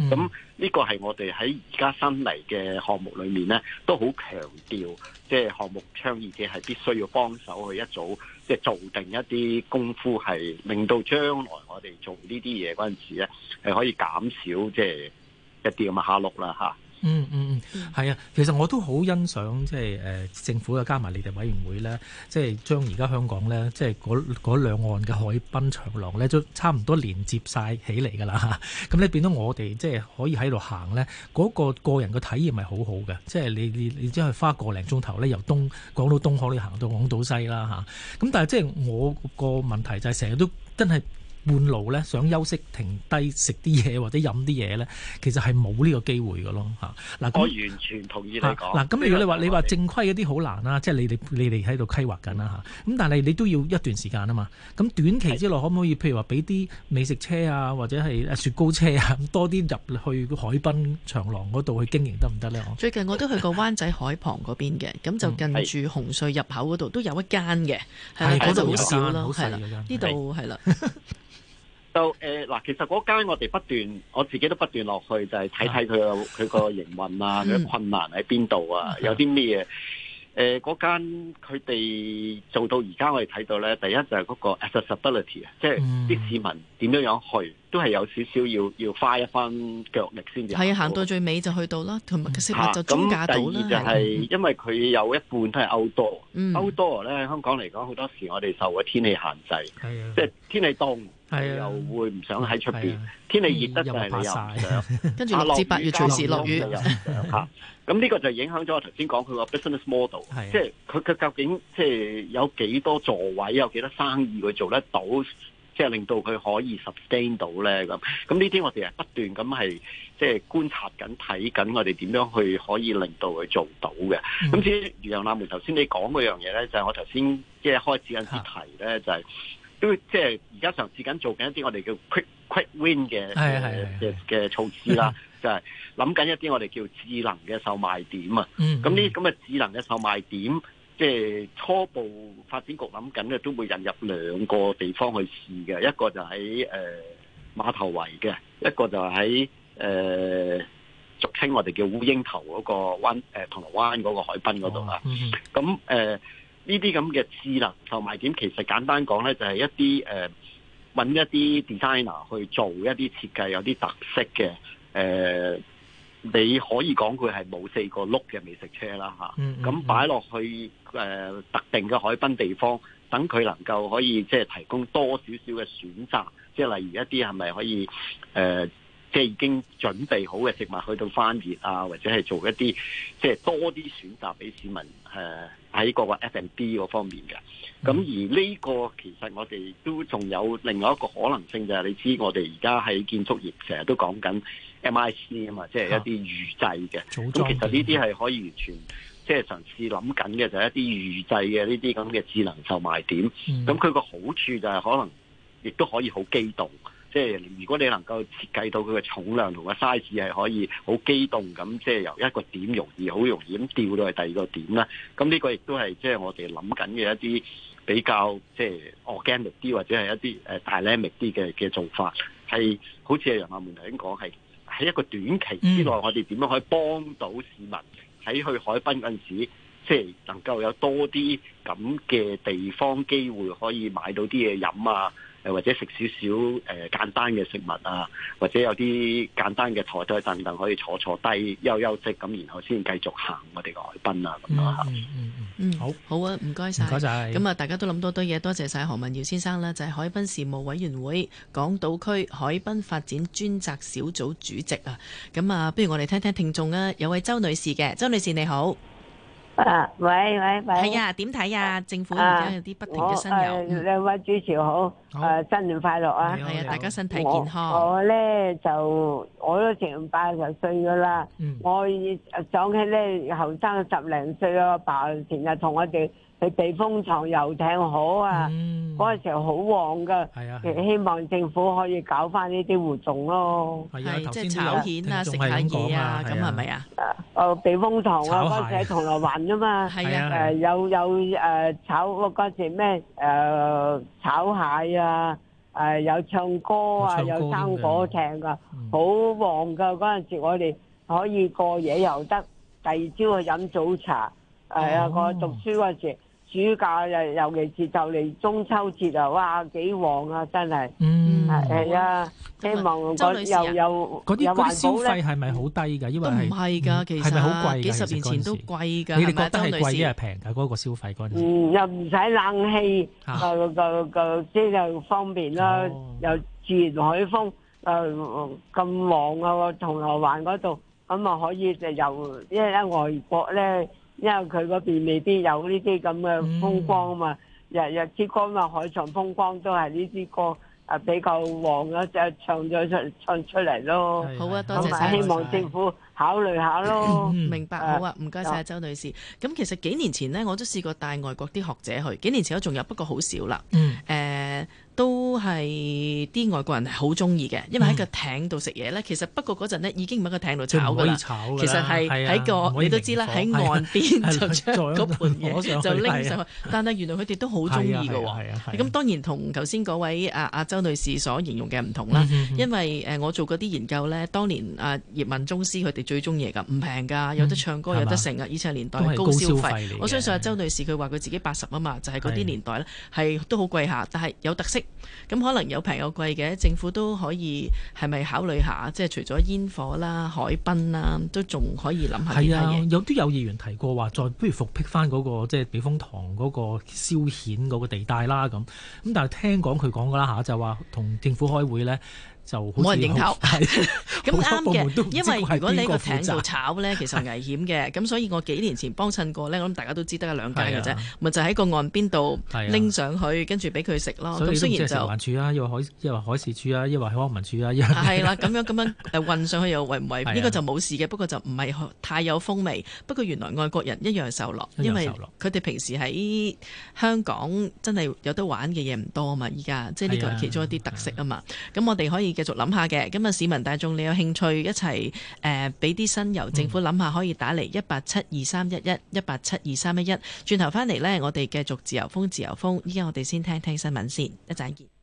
咁、嗯、呢個係我哋喺而家新嚟嘅項目裏面咧，都好強調，即、就、係、是、項目倡議者係必須要幫手去一早即係、就是、做定一啲功夫，係令到將來我哋做呢啲嘢嗰陣時咧，係可以減少即係。就是一啲咁嘅下落啦吓，嗯嗯嗯，係啊。其實我都好欣賞即係誒政府嘅加埋你哋委員會咧，即係將而家香港咧，即係嗰兩岸嘅海濱長廊咧，都差唔多連接晒起嚟㗎啦。咁你變咗我哋即係可以喺度行咧，嗰個個人嘅體驗係好好嘅。即係你你你即係花個零鐘頭咧，由東港到東海咧行到港島西啦嚇。咁但係即係我個問題就係成日都真係。半路咧想休息停低食啲嘢或者飲啲嘢咧，其實係冇呢個機會㗎咯吓。嗱我完全同意你講。嗱咁，如果你話你話正規嗰啲好難啦，即、嗯、係、就是、你你你哋喺度規劃緊啦吓。咁但係你都要一段時間啊嘛。咁短期之內可唔可以，譬如話俾啲美食車啊，或者係雪糕車啊，多啲入去海濱長廊嗰度去經營得唔得呢？最近我都去過灣仔海旁嗰邊嘅，咁 就近住紅隧入口嗰度都有一間嘅，喺嗰度好少咯，係啦，呢度係啦。 就誒嗱、呃，其實嗰間我哋不斷，我自己都不斷落去就是看看他的，就係睇睇佢佢個營運啊，佢、嗯、困難喺邊度啊，嗯、有啲咩嘢。嗰、呃、間佢哋做到而家，我哋睇到咧，第一就係嗰個 accessibility 啊、嗯，即係啲市民點樣樣去，都係有少少要要花一番腳力先至。係、嗯、啊，行到最尾就去到啦，同埋嘅食物就中價到啦。咁、嗯嗯、第二就係因為佢有一半都係 outdoor，outdoor 咧喺香港嚟講，好多時我哋受嘅天氣限制，嗯、即係天氣凍。係又會唔想喺出邊？天氣熱得就係你又唔想。跟、嗯、住、嗯嗯啊、六月至八月隨時落雨，嚇咁呢個就影響咗我頭先講佢個 business model、啊、即係佢佢究竟即係、就是、有幾多座位，有幾多生意佢做得到，即、就、係、是、令到佢可以 sustain 到咧咁。咁呢啲我哋係不斷咁係即係觀察緊、睇緊我哋點樣去可以令到佢做到嘅。咁至於楊亞梅頭先你講嗰樣嘢咧，就係、是、我頭先即係開始嗰陣時提咧、啊、就係、是。即係而家嘗試緊做緊一啲我哋叫 quick quick win 嘅嘅嘅措施啦，是就係諗緊一啲我哋叫智能嘅售賣點啊。咁呢啲咁嘅智能嘅售賣點，即係初步發展局諗緊咧，都會引入兩個地方去試嘅，一個就喺誒碼頭圍嘅，一個就喺誒、呃、俗稱我哋叫烏蠅頭嗰個灣誒、呃、銅鑼灣嗰個海濱嗰度啦。咁、哦、誒。嗯呢啲咁嘅智能同埋點？其實簡單講呢，就、呃、係一啲誒揾一啲 designer 去做一啲設計，有啲特色嘅誒、呃，你可以講佢係冇四個轆嘅美食車啦嚇，咁擺落去誒、呃、特定嘅海濱地方，等佢能夠可以即係、呃、提供多少少嘅選擇，即係例如一啲係咪可以誒？呃即係已經準備好嘅食物去到翻熱啊，或者係做一啲即係多啲選擇俾市民誒喺個個 F&B 嗰方面嘅。咁而呢個其實我哋都仲有另外一個可能性就係、是、你知我哋而家喺建築業成日都講緊 MIC 啊嘛，即、就、係、是、一啲預製嘅。咁其實呢啲係可以完全即係上次諗緊嘅就係一啲預製嘅呢啲咁嘅智能售賣點。咁佢個好處就係可能亦都可以好機動。即係如果你能夠設計到佢嘅重量同個 size 係可以好機動咁，即係由一個點容易好容易咁掉到去第二個點啦。咁呢個亦都係即係我哋諗緊嘅一啲比較即係 organic 啲或者係一啲 dynamic 啲嘅嘅做法，係好似阿楊亞門頭先講，係喺一個短期之內，我哋點樣可以幫到市民喺去海濱嗰陣時候。即係能夠有多啲咁嘅地方，機會可以買到啲嘢飲啊，或者食少少誒簡單嘅食物啊，或者有啲簡單嘅枱枱凳凳，等等可以坐坐低休休息，咁然後先繼續行我哋嘅海濱啊，咁樣吓。嗯嗯好好啊，唔該晒。咁啊，大家都諗多多嘢，多謝晒何文堯先生啦，就係海濱事務委員會港島區海濱發展專責小組主席啊。咁啊，不如我哋聽聽聽聽聽眾啊，有位周女士嘅，周女士你好。啊，喂喂喂，係啊，點睇啊？政府而家有啲不停嘅新油、啊啊。你好，主持好。好、哦，新年快樂啊！係啊，大家身體健康。我咧就我都成八十歲噶啦。嗯。我講起咧後生十零歲咯，爸成日同我哋。去避風塘遊艇好啊！嗰陣時好旺噶，希望政府可以搞翻呢啲活動咯。係啊，即係炒蜆啊，食嘢啊，咁係咪啊？誒，避風塘啊，嗰陣時喺銅鑼灣啫嘛。係啊，誒有有誒炒嗰陣時咩？誒炒蟹啊，誒有唱歌啊，有生果艇噶，好旺噶嗰陣時，我哋可以過夜又得，第二朝去飲早茶。係啊，過去讀書嗰陣時。暑假又尤其是就嚟中秋節啊！哇，幾旺啊，真係。嗯，係啊，希望嗰又有嗰啲消費係咪好低㗎？因為係，唔係㗎，其實係咪好貴㗎？幾十年前都貴㗎。你哋覺得係貴嘅係平㗎嗰個消費嗰陣時。嗯，又唔使冷氣，又又又即係方便啦，又自然海風。誒咁旺啊！銅鑼灣嗰度咁啊，可以就由因為喺外國咧。因為佢嗰邊未必有呢啲咁嘅風光啊嘛、嗯，日日之光啊，海藏風光都係呢啲歌啊比較旺啊，即係唱咗出唱出嚟咯。好啊，多謝晒。希望政府考慮下咯。明白，好啊，唔該晒周女士。咁、呃、其實幾年前咧，我都試過帶外國啲學者去。幾年前我仲有，不過好少啦。嗯。誒、呃。都係啲外國人係好中意嘅，因為喺個艇度食嘢咧。其實不過嗰陣呢已經唔喺個艇度炒噶啦。其實係喺個、啊、你都知啦，喺岸邊、啊、 就將嗰盤嘢就拎上去。啊、但係原來佢哋都好中意㗎喎。咁、啊啊啊啊、當然同頭先嗰位啊啊周女士所形容嘅唔同啦、嗯嗯。因為我做嗰啲研究咧，當年啊葉問宗師佢哋最中意嘅，唔平㗎，有得唱歌、嗯、有得成啊。以前年代高消費，高消費，我相信阿周女士佢話佢自己八十啊嘛，就係嗰啲年代咧係、啊、都好貴下，但係有特色。咁可能有平有貴嘅，政府都可以係咪考慮下？即係除咗煙火啦、海濱啦，都仲可以諗下其他嘢。係啊，有啲有議員提過話，再不如復辟翻、那、嗰個即係避風塘嗰個消遣嗰個地帶啦。咁咁，但係聽講佢講噶啦吓，就話同政府開會呢。就冇人認頭咁啱嘅。因為如果你個艇要炒咧，其實是危險嘅。咁 所以我幾年前幫襯過咧，我諗大家都知得一兩間嘅啫。咪、啊、就喺個岸邊度拎上去，跟住俾佢食咯。咁雖然就即係城環處啊，又或海，亦或海事處啊，亦或康文處啊，係啦、啊，咁 樣咁樣運上去又違唔違？呢個就冇事嘅，不過就唔係太有風味。不過原來外國人一樣受落，啊、因為佢哋平時喺香港真係有得玩嘅嘢唔多啊嘛。依家即係呢個其中一啲特色啊嘛。咁、啊啊、我哋可以。繼續諗下嘅，今日，市民大眾，你有興趣一齊誒俾啲新猷政府諗下，可以打嚟，一八七二三一一一八七二三一一，轉頭翻嚟呢，我哋繼續自由風自由風，依家我哋先聽聽新聞先，一陣見。